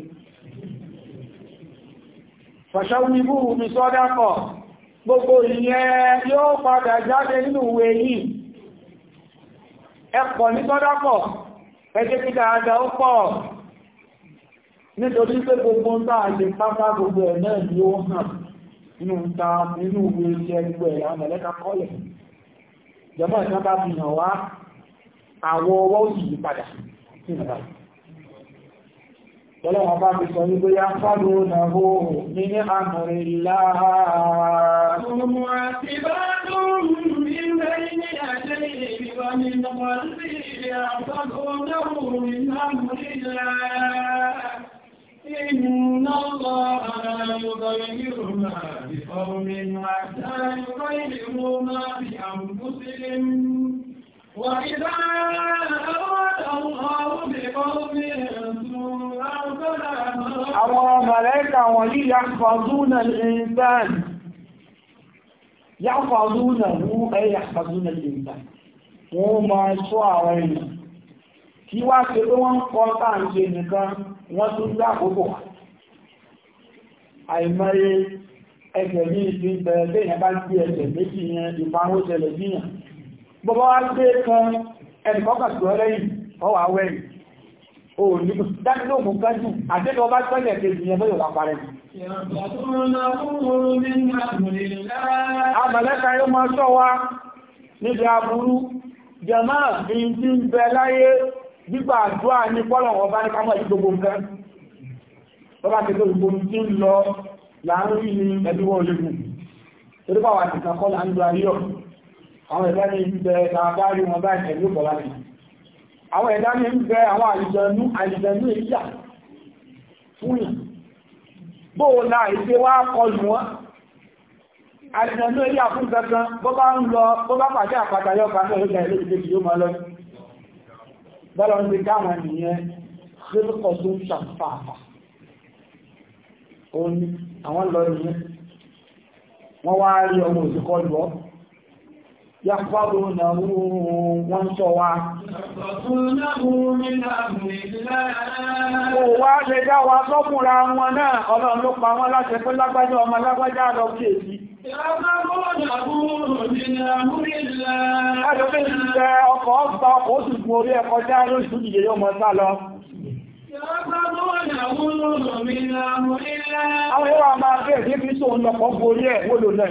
fàṣáwí bú mi sọ́dápọ̀ gbogbo ìyẹn yóò padà jáde nínú ìwé yìí ẹ̀pọ̀ ní sọ́dápọ̀ ẹjẹ́ kí dáadáa ó pọ̀ nítorí pé gbogbo ń bá àjẹ́ pápá gbogbo ẹ̀ náà ó hàn inú ta inú ìwé iṣẹ́ gbogbo ẹ̀yà mẹ̀lẹ́ka kọ́lẹ̀ jọba ìtàn bá fi hàn wá àwọn ọwọ́ òsì yí padà sí ìrìnàbà Ọlọ́run bá fi sọ wípé yá fọ́lú náà hó ní ní àmàrí láàá. Ọmọ àti láàá. إن الله لا يغير ما بقوم حتى يغيروا ما بأنفسهم وإذا أراد الله بقوم سوءا فلا Àwọn mọ̀lẹ́kà wọ̀nyí yàfàzúnà l'ìntàn. Yàfàzúnà wú ẹ yàfàzúnà l'ìntàn. Wọ́n máa ṣọ́ àwọn ènìyàn kí wá ṣe pé wọ́n ń kọ́ táà ń ṣe nìkan wọ́n tún dá àkókò àìmọye ẹgbẹ̀ ní ìfi bẹ̀rẹ̀ bẹ́ẹ̀ yẹn bá gbé ẹgbẹ̀ méjì yẹn ìparun ṣẹlẹ̀ níyàn bọ́bá wá gbé kan ẹnìkọ́kàtù ọlẹ́yìn ọwà wẹ́rì dájúlógún kájú àtẹ́lọ bá pẹ́lẹ̀ kejì yẹn bọ́yọ̀ láparẹ́ àmàlẹ́ka yóò máa ṣọ́ wa níbi aburú jẹ́máà bí i ti ń bẹ láyé gbígbà àdúrà ní pọ́lọ̀ wọn bá ní kámọ̀ yí gbogbo nǹkan tó bá ti tó gbogbo tí ń lọ láàárín ní ẹdínwó ológun torí bá wà nìkan kọ́ láńdú ayọ̀ àwọn ẹ̀dá ní ibẹ̀ tàbá rí wọn báyìí ẹ̀lú pọ̀ láti àwọn ẹ̀dá ní ibẹ̀ àwọn àlìjẹnú àlìjẹnú ìyà fún yìí bóò náà ìṣe wá kọlù wọn àlìjẹnú ìyà fún kankan bó bá ń lọ bó bá pàdé àpàtàyọ̀ kan náà ló bọ́lá ń gbé káwọn ènìyàn kíríkọ̀ tó ń ṣàfàfà òun àwọn lọ wọ́n wá rí ọmọ òsìkọ́ lọ́ọ́ yàfàdó na wọ́n sọ wá. Ó wá lè dá wa sọ́kùnra wọn náà, ọlọ́run ló pa wọ́n láti pẹ́ lágbájá ọmọ lágbájá lọ kí èsì. Ẹjọ́bẹ̀ ti jẹ ọkọ̀ ọgbà ọkọ̀ oṣù fún orí ẹkọ̀ já lóṣù ìyẹ yóò mọ́ sá lọ. Àwọn ìwà máa bẹ̀ẹ̀ sí fi sóun lọ́pọ̀ borí ẹ̀ wó lò náà.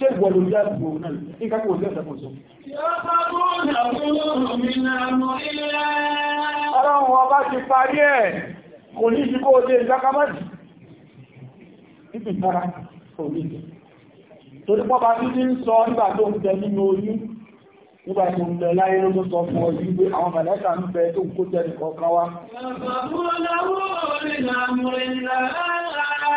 ṣé ìwọ ló jẹ́ ìwọ náà nǹkan kò lẹ́sẹ̀ kò sọ. ọlọ́run ọba ti parí ẹ̀ kò ní ju kó o lè jákámọ́jì nípa ìtara torí pọ́ba tí ti ń sọ nígbà tó ń tẹ nínú oyún nígbà tí ń bẹ láyé ló sọ fún ọ yìí àwọn mẹ̀lẹ́ta ń bẹ tó kó tẹ́ nìkan kan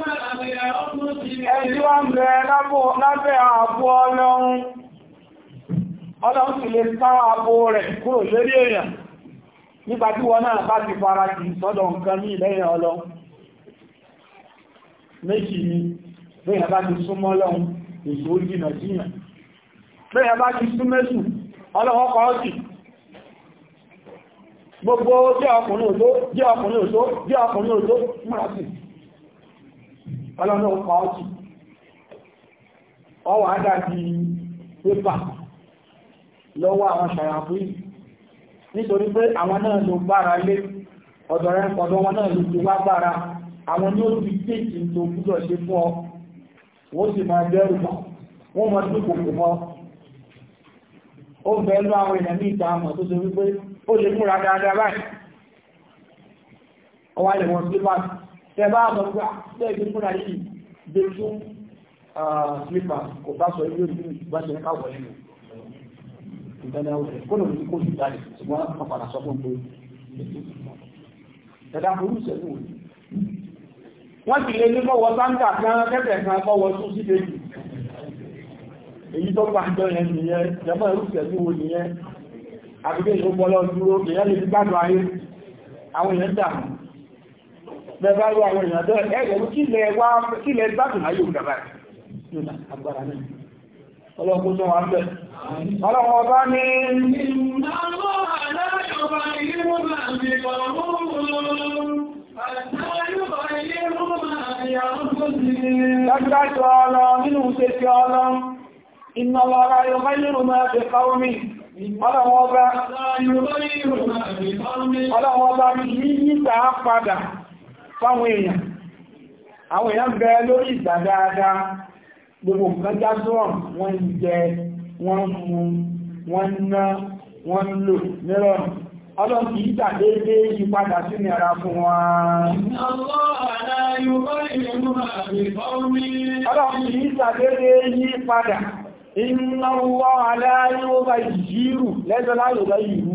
Ẹni wá ń bẹ lábẹ́ ààbò ọlọ́run, ọlọ́run sì lè sá ààbò rẹ̀ kúrò lérí èèyàn nígbà tí wọ́n náà bá ti fara kì sọ́dọ̀ nǹkan ní Méjì ni, bẹ́yà bá ti súnmọ́ ọlọ́run, èso gbogbo jẹ́ ọkùnrin òtó jẹ́ ọkùnrin òtó jẹ́ ọkùnrin òtó ọlọ́nà ọpa ọtí ọwọ́ àdàbí pépà lọ́wọ́ àwọn ṣàyàfú yìí nítorí pé àwọn náà ló gbára lé ọ̀dọ̀rẹ́ ọ̀dọ̀ wọn náà ló ti wá gbára àwọn ní ó ti kéèkì tó gbúdọ̀ ṣe fún ọ wọ́n sì máa bẹ̀rù mọ́ wọ́n mọ́ sí kòkò mọ́ ó bẹ̀ẹ́ lọ àwọn èèyàn ní ìta àmọ̀ tó ṣe wípé ó lè múra dáadáa báyìí ọwọ́ àlẹ̀wọ̀n sí báyìí tẹ́bá àmọ́gbà ah, tẹ́ẹ̀bí fúnra yìí dé tún ah, slippa kò bá sọ ilé ìlú bá ṣe ní káwọ̀ ẹ̀mù ìdánáwó rẹ̀ kó lòun ní kó sì dáre ṣùgbọ́n àpàdà sọ fún pé ẹ̀dá burú sẹ́nu wọ́n ti lè ní mọ́wọ́ sáńtà kan kẹ́kẹ̀ kan mọ́wọ́ tún sí lẹ́yìn èyí tó bá jọ yẹn nìyẹn jẹmọ́ ẹrú sẹ́nu wo nìyẹn àbíkẹ́ ìṣòpọ̀lọ́ dúró èyàn lè fi gbádùn ayé àwọn èèyàn dàmú bẹ́ẹ̀bá rú àwọn èèyàn tó ẹgbẹ̀rún kílẹ̀ wá kílẹ̀ gbádùn ayé òdàbà ọlọ́pùn tó wà bẹ̀. ọlọ́pùn ọba ní nínú ṣe fi ọlọ́, iná lọ́ra padà fáwọn èèyàn àwọn èèyàn bẹ lórí ìgbà dáadáa gbogbo nǹkan já sọ́rọ̀ wọ́n ń jẹ wọ́n ń mu wọ́n ń ná wọ́n ń lò nírọ̀rùn ọlọ́n kì í tàdéédé yípadà sí ní ara fún wa ọlọ́n kì í tàdéédé yípadà iná wọ́n aláyíwọ́ bá yìírù lẹ́sọ́lá yóò bá yìírù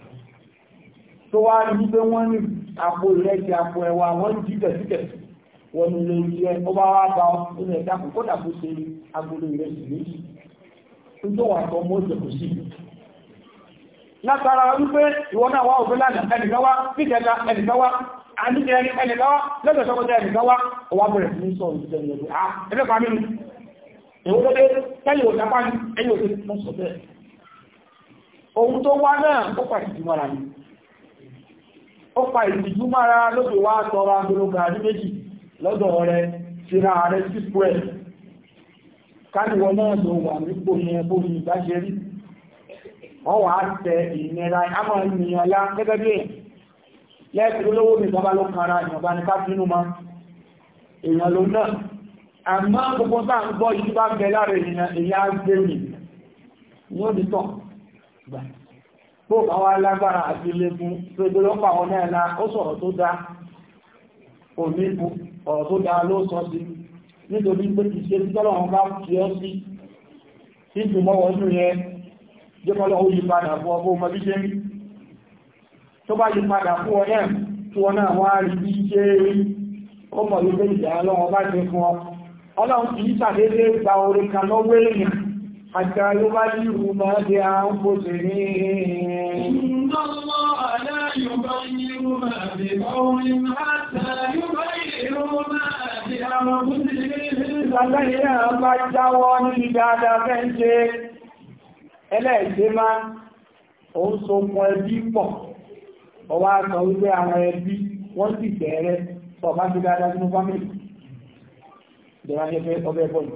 tó wá rí pé wọ́n ní àpò ìrẹsì àpò ẹ̀wà wọ́n jí tẹ̀sítẹ̀sí wọ́n ní ilé iṣẹ́ ó bá wá bá ilẹ̀ ìdáàbò kódà kó ṣe agolo ìrẹsì méjì tó wà tó mọ́ ìjẹ̀kù sí látara wípé ìwọ náà wá òfin lánàá ẹnìkanwá níjẹta ẹnìkanwá àníjẹ ẹnìkanwá lẹ́gbẹ̀ẹ́ sọ́kọ́jẹ́ ẹnìkanwá ọwá bẹ̀rẹ̀ sí ah, sọ ìjẹ́ ìlú à ẹgbẹ́ pa nínú ìwọ́lódé tẹ́lẹ̀ òjápá ní ẹ̀yìn òṣèlú mọ́sọ̀tẹ́ ohun tó wá náà ó pàtàkì mọ́ra ni ó pa ìtìjú mára lóbi wá tọrọ agolo gàrí méjì lọ́dọ̀ rẹ síra rẹ sípò ẹ̀ káníwọ náà ló wà nípò yẹn bóyí ìbáṣe rí wọ́n wà á tẹ ìnira àmọ́ ènìyàn ya gẹ́gẹ́ bí ẹ̀ lẹ́ẹ̀kì olówó mi bàbá ló kan ara ìyànbá ní káfínú ma èèyàn ló náà àmọ́ gbogbo bá ń gbọ́ yìí bá bẹ lára èèyàn èèyàn á gbé mi ní ó di tán tó bá wá lágbára àti léegun tó gbé lọ́pọ̀ àwọn náà la ó sọ̀rọ̀ tó dá oníbu ọ̀rọ̀ tó dá ló sọ sí nítorí pé kì í ṣe tí tọ́lọ́run bá fi ọ́ sí sí ìgbìmọ̀ wọnú yẹn jẹ́kọ́lọ́ ó yí padà fún ọgbọ́ ọmọ bíṣẹ́ rí tó bá yí padà fún ọ náà tí wọ́n náà wá rí bí ṣe rí ó mọ̀ wípé ìjà ọlọ́run حتى يبلغ ما بأنفسهم إن الله لا يبلغ ما بقوم حتى يبلغ ما بأنفسهم Sàlẹ́yìn náà bá jáwọ́ níbi dáadáa fẹ́ ń ṣe ẹlẹ́ẹ̀ṣẹ́ máa ó ń so mọ ẹbí pọ̀. Ọwá sọ wípé àwọn ẹbí wọ́n sì bẹ̀rẹ̀ pọ̀ bá ti dáadáa nínú fámìlì. Ìjọba jẹ́ fẹ́ ọbẹ̀ bọ́ọ̀lù.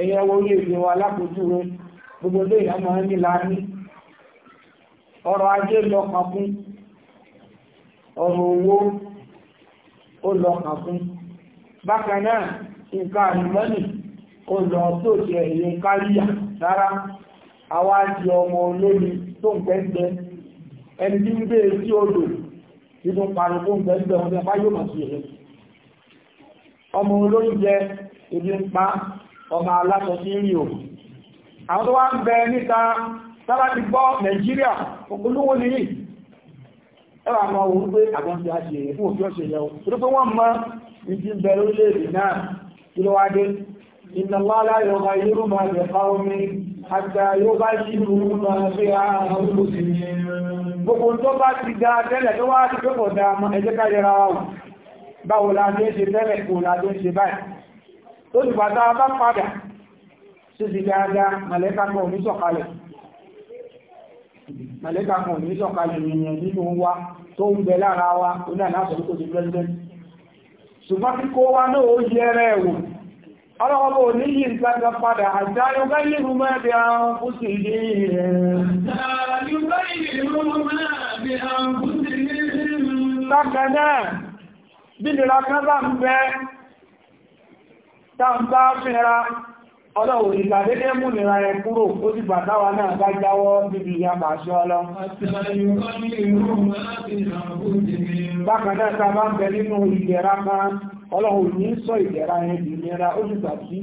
ẹ̀yẹ ẹwọ orí èdè wa lápòjúwe gbogbo ilé ìyàmọ̀ ẹni láàrin ọrọ̀ ajé lọ́kàn fún ọrọ̀ owó ó lọ́kàn fún bákan náà nǹkan àlùmọ́nì ó lọ tó jẹ èyí káríyà rárá àwa di ọmọ olómi tó ń gbẹ́gbẹ́ ẹni tí ń gbé e sí odò nínú parí tó ń gbẹ́gbẹ́ ọmọ ẹgbá olóyìn jẹ èdè ń pa ọmọ aláṣọ sí rí o àwọn tó wá ń bẹ níta sábà ti gbọ́ nàìjíríà olówó ní yìí ẹwà àwọn orúgbé àgbọn ti a ṣe fún òfin ọ̀ṣẹ̀ yẹ̀wò tó pé wọ́n mọ́ ìdí ń bẹ lórílẹ̀-èdè náà kí ló wá dé iná lọ́lá yọba irú máa lè fa omi àgbà yóò bá sí irú máa fi àwọn olùsìnkú gbogbo tó bá ti dá tẹ́lẹ̀ tó wá ti pẹ́pọ̀ dá ẹjẹ́ ká yẹra wa báwo la ṣe ń ṣe tẹ́lẹ̀ kò la ṣe ń ṣe báyìí tó ìgbàdá bá padà síbi dáadáa màlẹ́kà kan sọ̀kalẹ̀ màlẹ́kà kan sọ̀kalẹ̀ ènìyàn nínú wa tó ń bẹ lára wa ó náà ti president ṣùgbọ́n kí kó wa náà ó yẹ rẹ̀ wò ọlọ́wọ́ ní yìí ń gbájọ padà àjáyọ tàbá fẹ́ra ọlọ́wọ̀ ìgbà dédé mú nìra ẹ kúrò ó ti bàtàwà náà bá jáwọ́ níbi ìyàmà ṣọ́ ọlọ́ bákanáà tàbá ń bẹ nínú ìdẹ̀ra ma ọlọ́run ní sọ ìdẹ̀ra ẹ̀ ìlera ó ti sí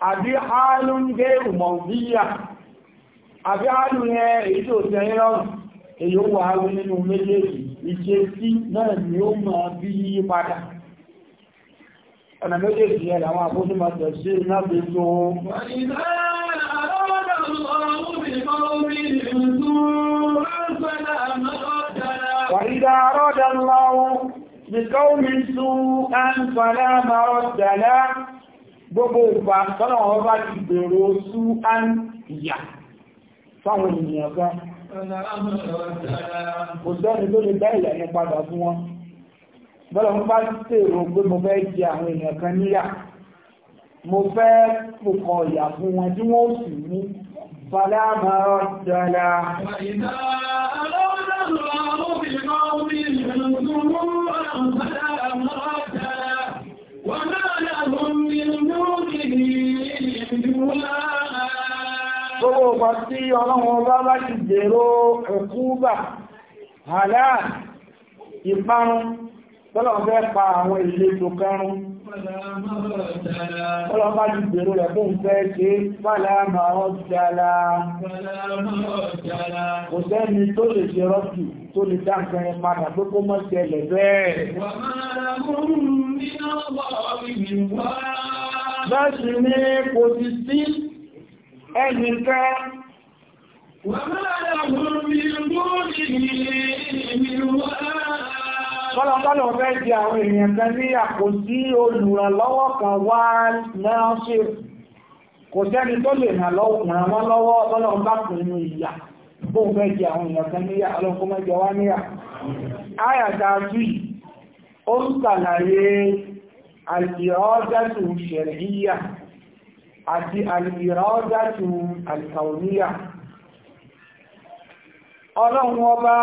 àbí áálù ń gé ìmọ̀bíyà àbí áálù yẹn èyí tó tẹ́ rọrùn èyí ó wà áálù nínú méjèèjì ìṣe sí náà ni ó mọ̀ bí yí padà ọ̀nà méjèèjì na làwọn àbójúmọ̀ sí iná tó وإذا أراد gbogbo ìgbà tọ́nà wọn bá ti bèrò sú án ìyà fáwọn ènìyàn gan kò sẹ́ni tó lè dá ìyà yẹn padà fún wọn bọ́lá wọn bá tèrò pé mo fẹ́ jẹ àwọn èèyàn kan níyà mo fẹ́ kòkò ìyà fún wọn tí wọ́n sì ní fàlámà ọ̀dọ́lá ìgbà tí ọlọ́run ọba bá ti dèrò ẹ̀kúbà àlá ìparun tọ́lọ̀ fẹ́ pa àwọn ìletò karùn tọ́lọ̀ bá ti dèrò rẹ̀ fún fẹ́ ṣe pàlá máa ọjàlá kò sẹ́ni tó lè ṣe rọ́pù tó lè dá kò sí sí ẹnìkan Bọ́lọ̀bọ́lọ̀ fẹ́ di àwọn èèyàn kan ní àkòsí olùrànlọ́wọ́ kan wá náà ṣe kò sẹ́ni tó lè nà lọ́wọ́kùnrin wọn lọ́wọ́ bọ́lọ̀n bá kùn ní ìyà bó fẹ́ di àwọn èèyàn kan níyà ọlọ́kùnmẹ́jọ wá níyà. Áyàtà sí ó ń sàlàyé àìsíọ́ àti al-iradatu al-kawniyya ọlọ́run ọba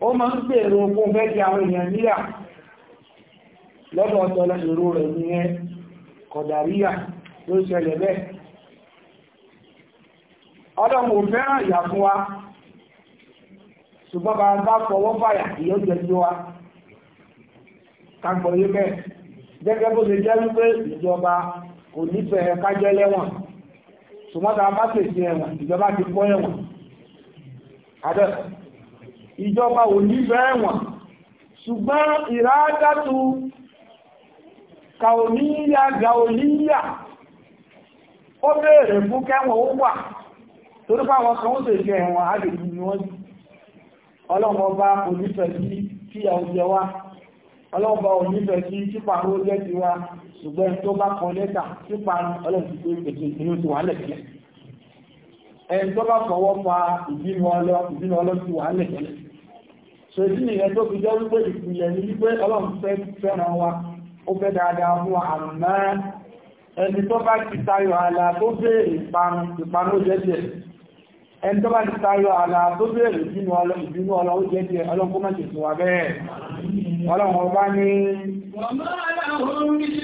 ó ma ń gbèrò ogun bẹ́ẹ̀ di àwọn èèyàn níyà lọ́dọ̀ ọ̀tọ̀lọ́ ìró rẹ̀ ní ẹ kọ̀dàríyà ló ṣẹlẹ̀ bẹ́ẹ̀ ọlọ́run ò fẹ́ràn ìyà fún wa ṣùgbọ́n bá bá fọwọ́ fàyà ìyọ́ jẹ́ wípé ìjọba kò nífẹ̀ẹ́ kájọ́ ẹlẹ́wọ̀n ṣùgbọ́n tá a bá pèsè ẹ̀wọ̀n ìjọba ti pọ́ ẹ̀wọ̀n abẹ́ ìjọba ò nífẹ̀ẹ́ ẹ̀wọ̀n ṣùgbọ́n ìrádàtú kàòníyà gàòníyà ó béèrè fún kẹ́wọ̀n ó wà torí fáwọn kan ó sì ṣe ẹ̀wọ̀n agbègbè ni wọ́n ọlọ́mọba kò nífẹ̀ẹ́ sí kí àwọn jẹ wá ọlọ́ọ̀bá onífẹ́ sí píparun ó jẹ́ ti wa ṣùgbọ́n tó bá kọ lẹ́tà píparun ọlọ́ọ̀tí tó pèsè inú ti wà lẹ̀kẹ́ ẹni tó bá kọwọ́ fa ìbínú ọlọ́ọ̀tí wà lẹ̀kẹ́ so ìdí nìyẹn tó fi jẹ́ wípé ìpìlẹ̀ ní wípé ọlọ́run fẹ́ fẹ́ràn wa ó fẹ́ dáadáa fún àmọ́ ẹni tó bá ti tayọ ààlà tó béèrè ìparun ìparun ó jẹ́ tiẹ̀ ẹni tó bá ti tayọ ààlà tó béèrè ìbínú ọlọ́run ó jẹ́ tiẹ̀ ọlọ́run kó má ṣe fún wa bẹ́ẹ̀ ọlọ́run ọba ní Bẹ́ẹ̀sì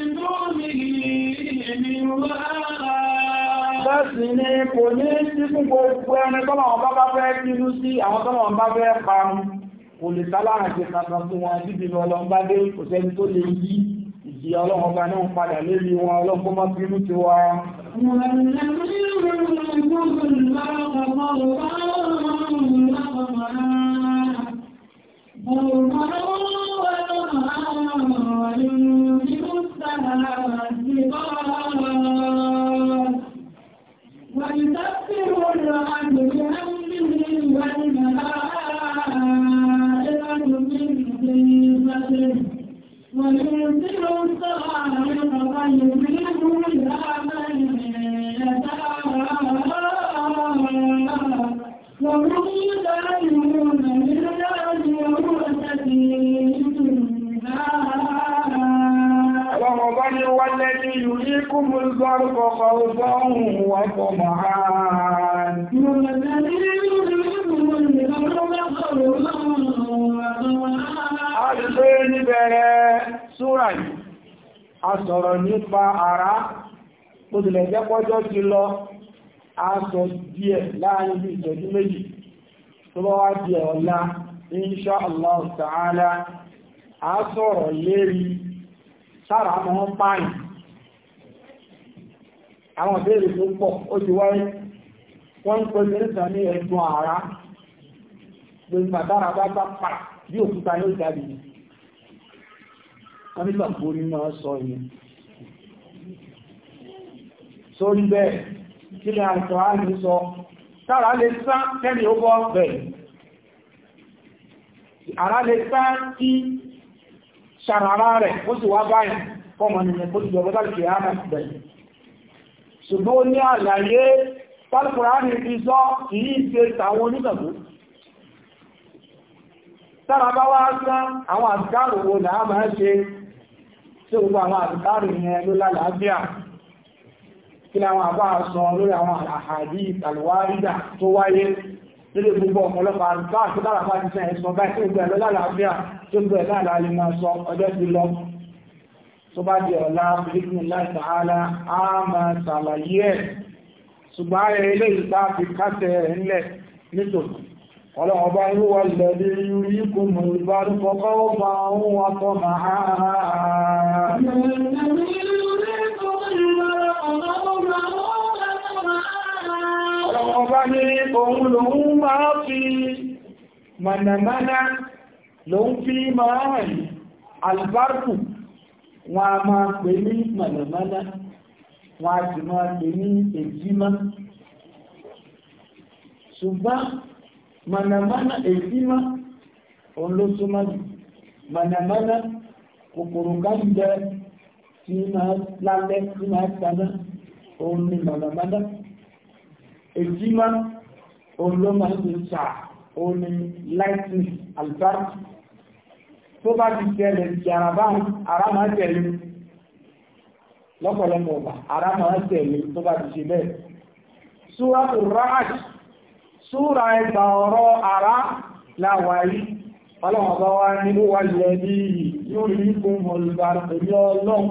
ni kò ní sí fún gbogbo ẹni tọ́lọ̀wọ̀n bá bá fẹ́ kínú sí àwọn tọ́lọ̀wọ̀n bá fẹ́ parun kò lè sáláàrùn ti kankan sí wọn bíbi ọlọ́run bá dé kò sẹ́ni tó lè yí ìjì ọlọ́run ọba náà padà lérí wọn ọlọ́run kó má bínú ti wa. Mo àrá tó tilẹ̀ jẹ́ pọ́jọ́ ti lọ aṣọ díẹ̀ láàrin bí ìtọ́jú méjì tó bá wá di ọ̀la inṣá Allah ta'ala a sọ̀rọ̀ lérí sára mọ́ páyìn àwọn ìbéèrè tó pọ̀ ó ti wáyé wọ́n ń pè mẹ́rìnta ní ẹ̀dùn àrá bá bá bí sórí bẹ́ẹ̀ kí ni àìsàn á ní sọ sára lè sá kẹ́ni ó bọ́ bẹ̀ ara lè sá kí sàràrá rẹ̀ ó sì wá báyìí fọ́mọ̀ nìyẹn kó ti jọba tàbí àmà bẹ̀ ṣùgbọ́n ó ní àlàyé pálùkùrá ní fi sọ kìí ṣe tàwọn onígbàgbọ́ sára bá wá sán àwọn àbíkárò wo làá máa ṣe kí láwọn àbá sọ lórí àwọn àhàdí ìtàlùwárídà tó wáyé lórí gbogbo ọ̀pọ̀lọpọ̀ àrùbá àti lárabá ti sẹ́ ẹ̀sọ báyìí tó gbẹ̀ lọ́lálàáfíà tó gbẹ̀ láàrín máa sọ ọjọ́ ti lọ tó bá di ọ̀la fìdíkùn láìsà ààlà á máa sàlàyé ẹ̀ Ọlọ́wọ́ bá ní òun lòun máa fi mànàmáná lòun fi máa rìn albarku wọn a máa pè ní mànàmáná wọn a sì máa pè ní èjímá. Ṣùgbọ́n mànàmáná èjímá òun ló súnmọ́ mànàmáná kòkòrò ká jẹ tí máa lálẹ́ tí máa taná òun ni màdàmádà èjìmá òun ló máa ń sà òun ni lightning albark tó bá ti tẹ̀lé jàrá báwọn ará máa tẹ̀lé lọ́pọ̀lọpọ̀ ọ̀gbà ará máa tẹ̀lé tó bá ti ṣe bẹ́ẹ̀. Súra Ur-Ra'd, súra ẹgbà ọ̀rọ̀ ará láwárí, ọlọ́wọ̀n bá wá nínú wà lẹ́ bí yóò rí kún mọ̀lúbà pẹ̀lú ọlọ́run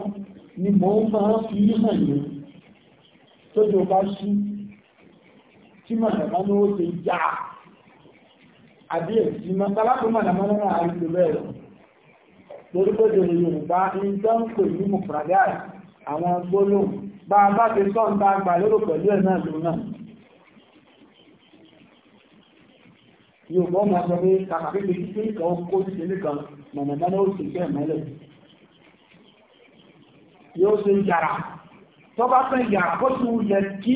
ni mò máa fi hàn yìí tójú bá ṣí tí mọ̀nàmọ́ ní ó ṣe já àbí èsì mọ́sálákò mọ̀nàmọ́ náà àìlò bẹ́ẹ̀ lórí pẹ́jọ Yorùbá ń dán pè ní mùfradà àwọn gbólóhùn bá a bá ti sọ ń bá gbà lérò pẹ̀lú ẹ̀ náà lónà Yorùbá máa sọ pé kàkà pé kìí sí ìkà oko sí nìkan mọ̀nàmọ́ náà ó sì fẹ́ mọ́lẹ̀ yóò ṣe ń yàrá tó bá tán ìyà àkóṣù yẹ kí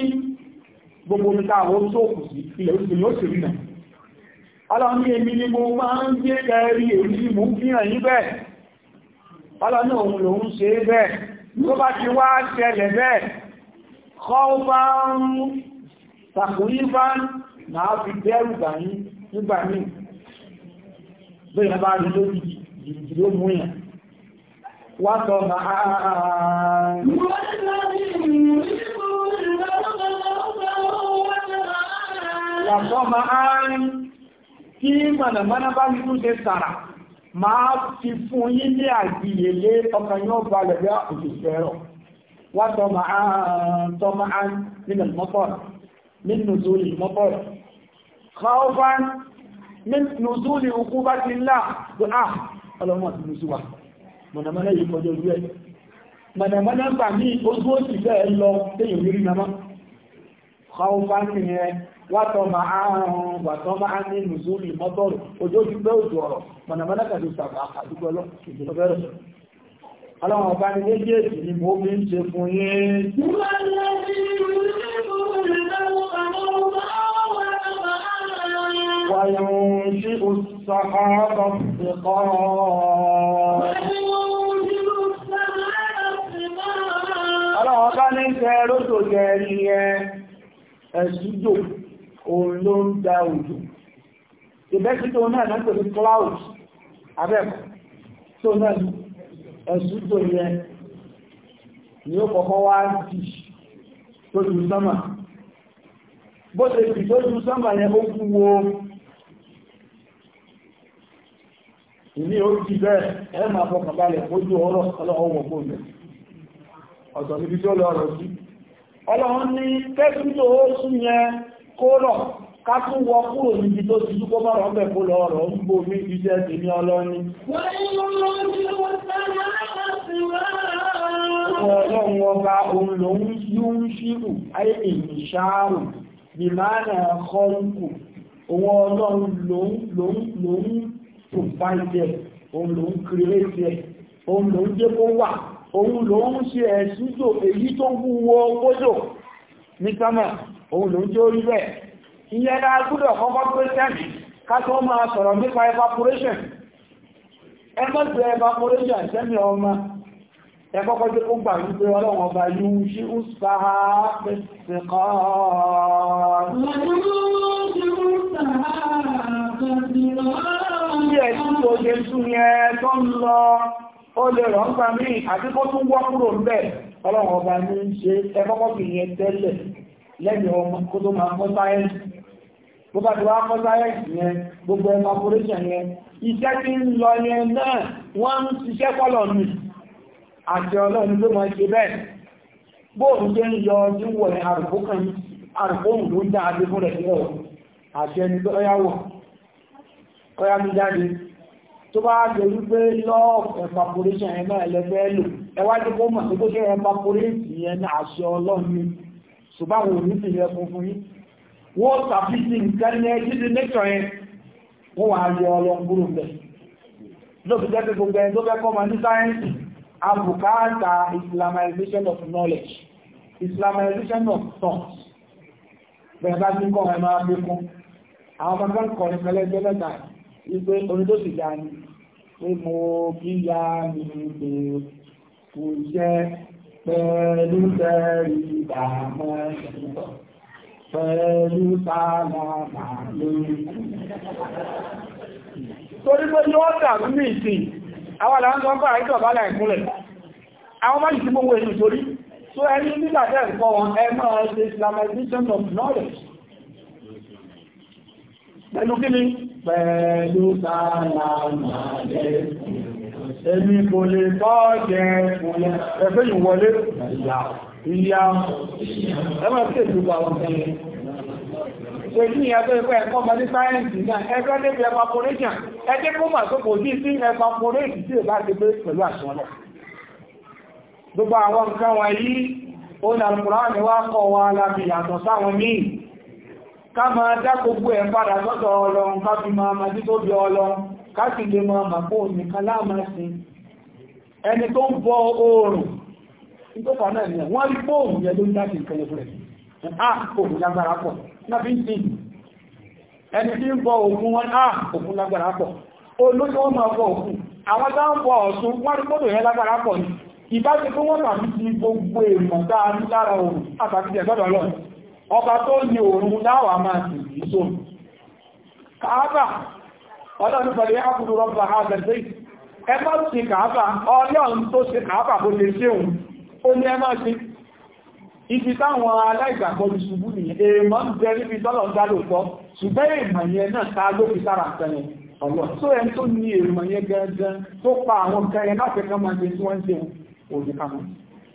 gbogbo níta àwọn sóòkù sí ilẹ̀ òṣèlú ni ó sì rí èmi ni mo máa ń gbé ẹ̀rí èrí mú fi hàn yí bẹ́ẹ̀ aláwọn òun lòun ṣe bẹ́ẹ̀ tó bá ti wá ṣẹlẹ̀ bẹ́ẹ̀ kọ́ bá ń tàkùrí Wàtọ́ máa ń kí mọ̀nàmọ́ná bá ní tó ṣe tààrà, máa ti fún yí ní àgbìyèlé ọkàn yóò balẹ̀ bí òṣìṣẹ́ rọ̀. Wàtọ́ máa ń tọ́ máa ń nínú mọ́tọ̀rọ̀, nínú zórí mọ́tọ̀rọ̀. Kọ́ọ̀fán nínú zórí òkú bá ti lá, mọ̀nàmọ́ná gbà ní ojú òsì bẹ́ẹ̀ lọ téyìn orí nàmá ọ̀fà nìyẹn wàtọ́ ma àrùn wàtọ́ ma ní nùzúrì mọ́tọ́rù ojú òsì ọ̀rọ̀ mọ̀nàmọ́ná kàdé sàbà àdúgbò ọlọ́rọ̀ ọlọ́run ká ní ṣe rótò jẹ rí ẹ ẹ̀sùdò òun ló ń da òjò ìbẹ́sìdò náà náà pẹ̀lú cloud abẹ́kọ̀ tó náà ẹ̀sùdò yẹ ni ó kọ́kọ́ wá dì tó ju sánmà bó ṣe dì tó ju sánmà yẹn ó kú wo ìní ó ti bẹ́ẹ̀ ẹ̀ máa fọkànbalẹ̀ ojú ọ̀rọ̀ ọlọ́wọ́ gbòmìnir ọ̀tọ̀ níbi tí ó lọ ọ̀rọ̀ sí ọlọ́run ní kẹ́sí tó ó sún yẹn kó rọ̀ ká tún wọ kúrò níbi tó ti dúkọ́ bá rọ̀ọ́bẹ̀ kó lọ ọ̀rọ̀ ń gbò mí iṣẹ́ tèmi ọlọ́ni ọlọ́run òun ọlọ́run lòun lòun lòun tó bá jẹ òun lòun kiri lé òun lòun jẹ́ kó wà òun ló ń ṣe ẹ̀sùn tó èyí tó wúwo kódò ní sánmà òun ló ń jẹ́ orí rẹ̀ ìyẹn náà gúdọ̀ kọ́kọ́ christian kátó máa sọ̀rọ̀ nípa evaporation ẹgbẹ́sẹ̀ evaporation sẹ́mi ọmọ ẹkọ́kọ́ jẹ́ kó gbà wípé ọlọ́wọ̀n ọba yíò ṣí ń sáà pẹ̀sẹ̀ ó lè rọ̀ ń gbà mí àti kó tún wọ́ kúrò ńbẹ̀ ọlọ́run ọba ní í ṣe yẹn tẹ́lẹ̀ lẹ́yìn ọmọ gbogbo yẹn iṣẹ́ ń lọ yẹn náà wọ́n ń ṣiṣẹ́ kọ́lọ̀ àti ọlọ́run ló máa ṣe bẹ́ẹ̀ ń yọ ọdún wọ̀ ẹ̀ ń dá adé fún tó bá jẹ́ wípé love evaporation ẹ̀ náà ẹlẹ́fẹ́ lò ẹwájú kó mọ̀ tó ṣe evaporate yẹn ní àṣẹ ọlọ́run ṣùgbọ́n àwọn oníṣẹ́ yẹn fún fún yín wọ́n tàbí sí nǹkan ní ẹjí ní nature yẹn wọ́n wà á yọ ọlọ́run kúrò bẹ́ẹ̀ lóbi jẹ́ pé gbogbo ẹni tó fẹ́ kọ́ ní sáyẹ́ǹsì àbùkátà islamization of knowledge islamization of thought bẹ̀rẹ̀ bá ti kọ́ ẹ̀ máa gbé kún àwọn ọmọ kan kọrin pẹ̀lẹ́gbẹ́ mẹ́ta ìgbé orin tó sì pé mo kíyà mi pé kò jẹ́ pẹ̀lú tẹ́rì ìdàmọ́ pẹ̀lú sáàmà lórí. Torí pé yóò dàrú ní ìsìn, àwọn àlàáńsọ́ ń bá àìsọ̀ láì kúnlẹ̀. Àwọn máa jìí gbogbo ènìyàn torí, so ẹni nígbàtẹ́ ẹ̀kọ́ ẹ máa ṣe Islamization of knowledge pẹ̀lú kí ni pẹ̀lú sáàlàmà lẹ́sìn èmi kò lè tọ́ jẹ ẹgbẹ́ ìwọlé ìyá ẹgbẹ́ tí èdè gbà wọn tẹ́lẹ̀ ṣe ni ẹgbẹ́ ẹgbẹ́ ẹ̀kọ́ ọmọ ní sáyẹ́ǹsì náà ẹgbẹ́ débi evaporation ẹgbẹ́ kó mà tó kò sí sí evaporate tí èbá ti gbé pẹ̀lú àṣọ náà gbogbo àwọn nǹkan wa lábì yàtọ̀ sáwọn míì ká máa dá gbogbo ẹ̀ padà sọ́dọ̀ ọlọ́run ká fi máa máa tí tó bí ọlọ́run ká sì lè máa mà kó nìkan láàmásìn ẹni tó ń bọ oòrùn tó fà náà nìyàn wọ́n rí bóòrùn yẹ ló ń dá sí ìkẹyẹ fún rẹ̀ ààkùn ah, lágbára pọ̀ náà fi ń sí ẹni tí ń bọ òkun wọ́n tàbí ah, ti gbogbo èèmọ̀ dáa ní lára òòrùn àtàkì ẹ̀sọ́dọ̀ ọlọ́run ọba tó ní òòrùn láwà máa sì rí só kàábà ọlọ́run pẹ̀lú àkùrù rọ́bà àgbẹ̀sẹ̀ ẹgbẹ́ sí kàábà ọlọ́run tó ṣe kàábà bó lè ṣéhùn ó ní ẹmá sí ibi táwọn aláìgbàgbọ́lù ṣubú ní èèmọ́ ń jẹ níbi tọ́lọ̀ ń dálò pọ̀ ṣùgbẹ́ èèmọ̀ yẹn náà ká ló fi sára sẹ́yìn ọ̀lọ́ tó ẹn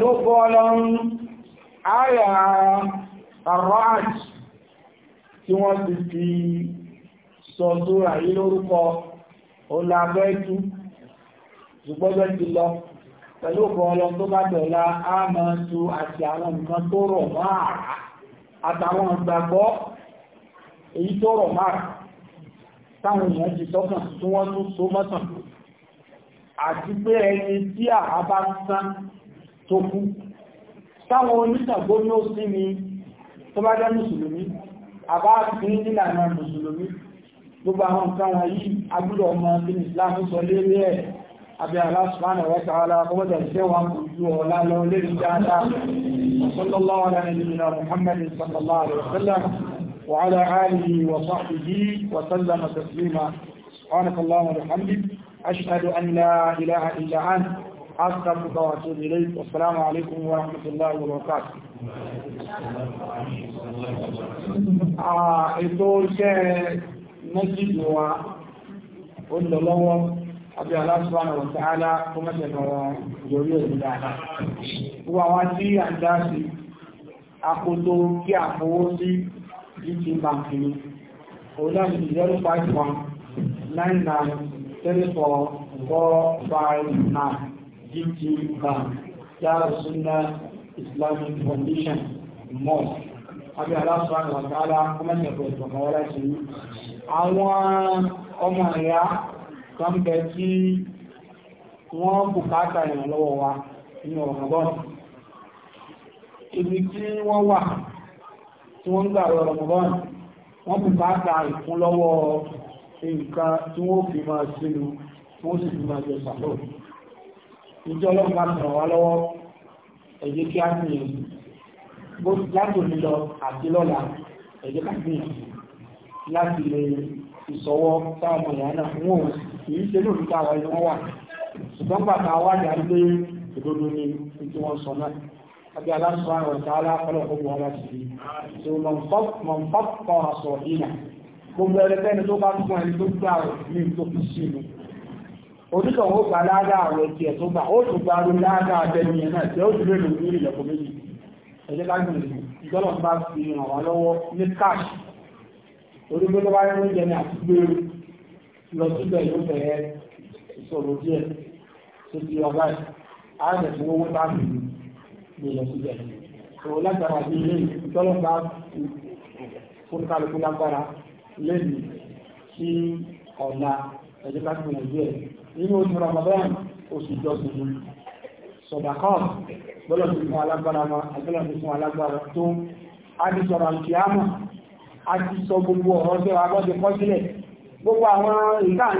tó kọ́ ọlọ́run àyà àrọ́àjì tí wọ́n ti fi sọ tó ràyí lórúkọ olàbẹ́tú ṣùgbọ́gbẹ́ ti lọ pẹ̀lú ọkọ̀ ọlọ́run tó bá dọ̀la á máa tu àti àwọn nǹkan tó rọ̀ máa àtàwọn ìgbàgbọ́ èyí tó rọ̀ máa táwọn èèyàn ti sọ́kàn tí wọ́n tún so mọ́tàn àti pé ẹni tí àbá sán tó kú táwọn oníṣàgbó ní ó sí mi tó bá jẹ́ mùsùlùmí àbá ti ní nílànà mùsùlùmí gbogbo àwọn nǹkan wọ̀nyí agbúdọ̀ ọmọ tí ní Islam sọ lérí ẹ̀ abẹ́ Allah subhanahu wa ta'ala kọmọ́dà iṣẹ́ wọn kò ju ọ̀la lọ lérí dáadáa أستغفرك وأتوب إليك والسلام عليكم ورحمة الله وبركاته ètò iṣẹ́ mẹ́sìlì wa ó lọ lọ́wọ́ àbí aláṣùwánà wọ̀tàálá tó mẹ́sẹ̀kọ̀ wọn lórí òun dáadáa wà wá sí àjáṣì akoto kí àfowó sí gt bank ni òun náà ní 051 99 34 459 GT Bank, Dar Sunnah Islamic Foundation, Mosque. Abi Allah subhanahu wa ta'ala kọ́mọ̀tì ẹ̀kọ́ ìtọ̀kan wọ́lá sí i. Àwọn ọmọ ẹ̀yà kan bẹ tí wọ́n bùkátà ìrànlọ́wọ́ wa ní Ramadan. Ibi tí wọ́n wà tí wọ́n ń gbà lọ Ramadan, wọ́n bùkátà ìkúnlọ́wọ́ nǹkan tí wọ́n fi máa sínú, wọ́n sì fi máa jẹ sàlọ́ọ̀ ìjọ ọlọ́run bá sọ̀rọ̀ wá lọ́wọ́ ẹ jẹ́ kí á gbìyànjú bó láti òní lọ àti lọ́la ẹ jẹ́ ká gbìyànjú láti lè ìsọwọ́ táwọn ọmọ ìyá náà wọn ò kì í ṣe lóòótọ́ táwọn ẹni wọ́n wà ṣùgbọ́n bàtà wà ní àgbé ìdodo ni tí wọ́n sọ náà أبي الله سبحانه وتعالى خلقه ولا شيء ومن فط من bá tún ẹni tó gbà ní tó fi sí oníkan ó gba láàdá àwọn ẹtì ẹ̀ tó gbà ó tún gba ló láàdá abẹ́ni ẹ̀ náà tí ó tún lè lò ní ìlẹ̀kùn méjì ẹ̀jẹ̀ lágbègbè ìjọba bá fi ràn wá lọ́wọ́ ní cash orígbé ló bá rí oúnjẹ ní àtúgbé lọ síbẹ̀ yóò bẹ̀rẹ̀ ìṣòro díẹ̀ tó ti ọba ẹ̀ ààrẹ tí owó bá fi nínú oṣù Ramadan oṣù jọsùn sọ̀dàkọ́ọ̀ bọ́lọ̀ ti fún alágbára wọn àgbọ́lọ̀ ti fún alágbára tó a ti sọ̀rọ̀ àkíyàmọ̀ a ti sọ gbogbo ọ̀rọ̀ tó agbọ́dẹ kọ́ sílẹ̀ gbogbo àwọn fún ọjọ́ náà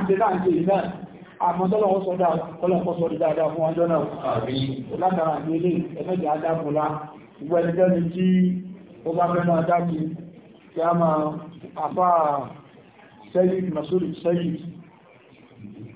látara gbogbo tí ó bá fẹ́ máa dábì kí a máa àfáà sẹ́yìn sẹ́yìn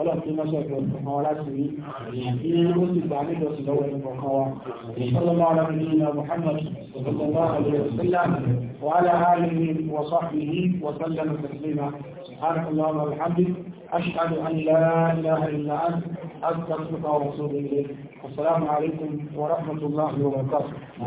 ọlọ́run tí wọ́n ṣe ọ̀gbọ̀n kọ̀ọ̀kan wa láti rí ní ó sì gbà níjọsìn lọ́wọ́ ẹni kọ̀ọ̀kan wa sọ́lọ́mọ́ ara mi ní ọmọ Muhammad sọ́lọ́mọ́ àbẹ̀rẹ̀ sílá wàhálà ààrin wọ̀sọ́fì yìí wọ̀sọ́lẹ̀ mùsùlùmí سبحانك اللهم وبحمدك أشهد أن لا إله إلا أنت أستغفرك وأتوب إليك والسلام عليكم ورحمة الله وبركاته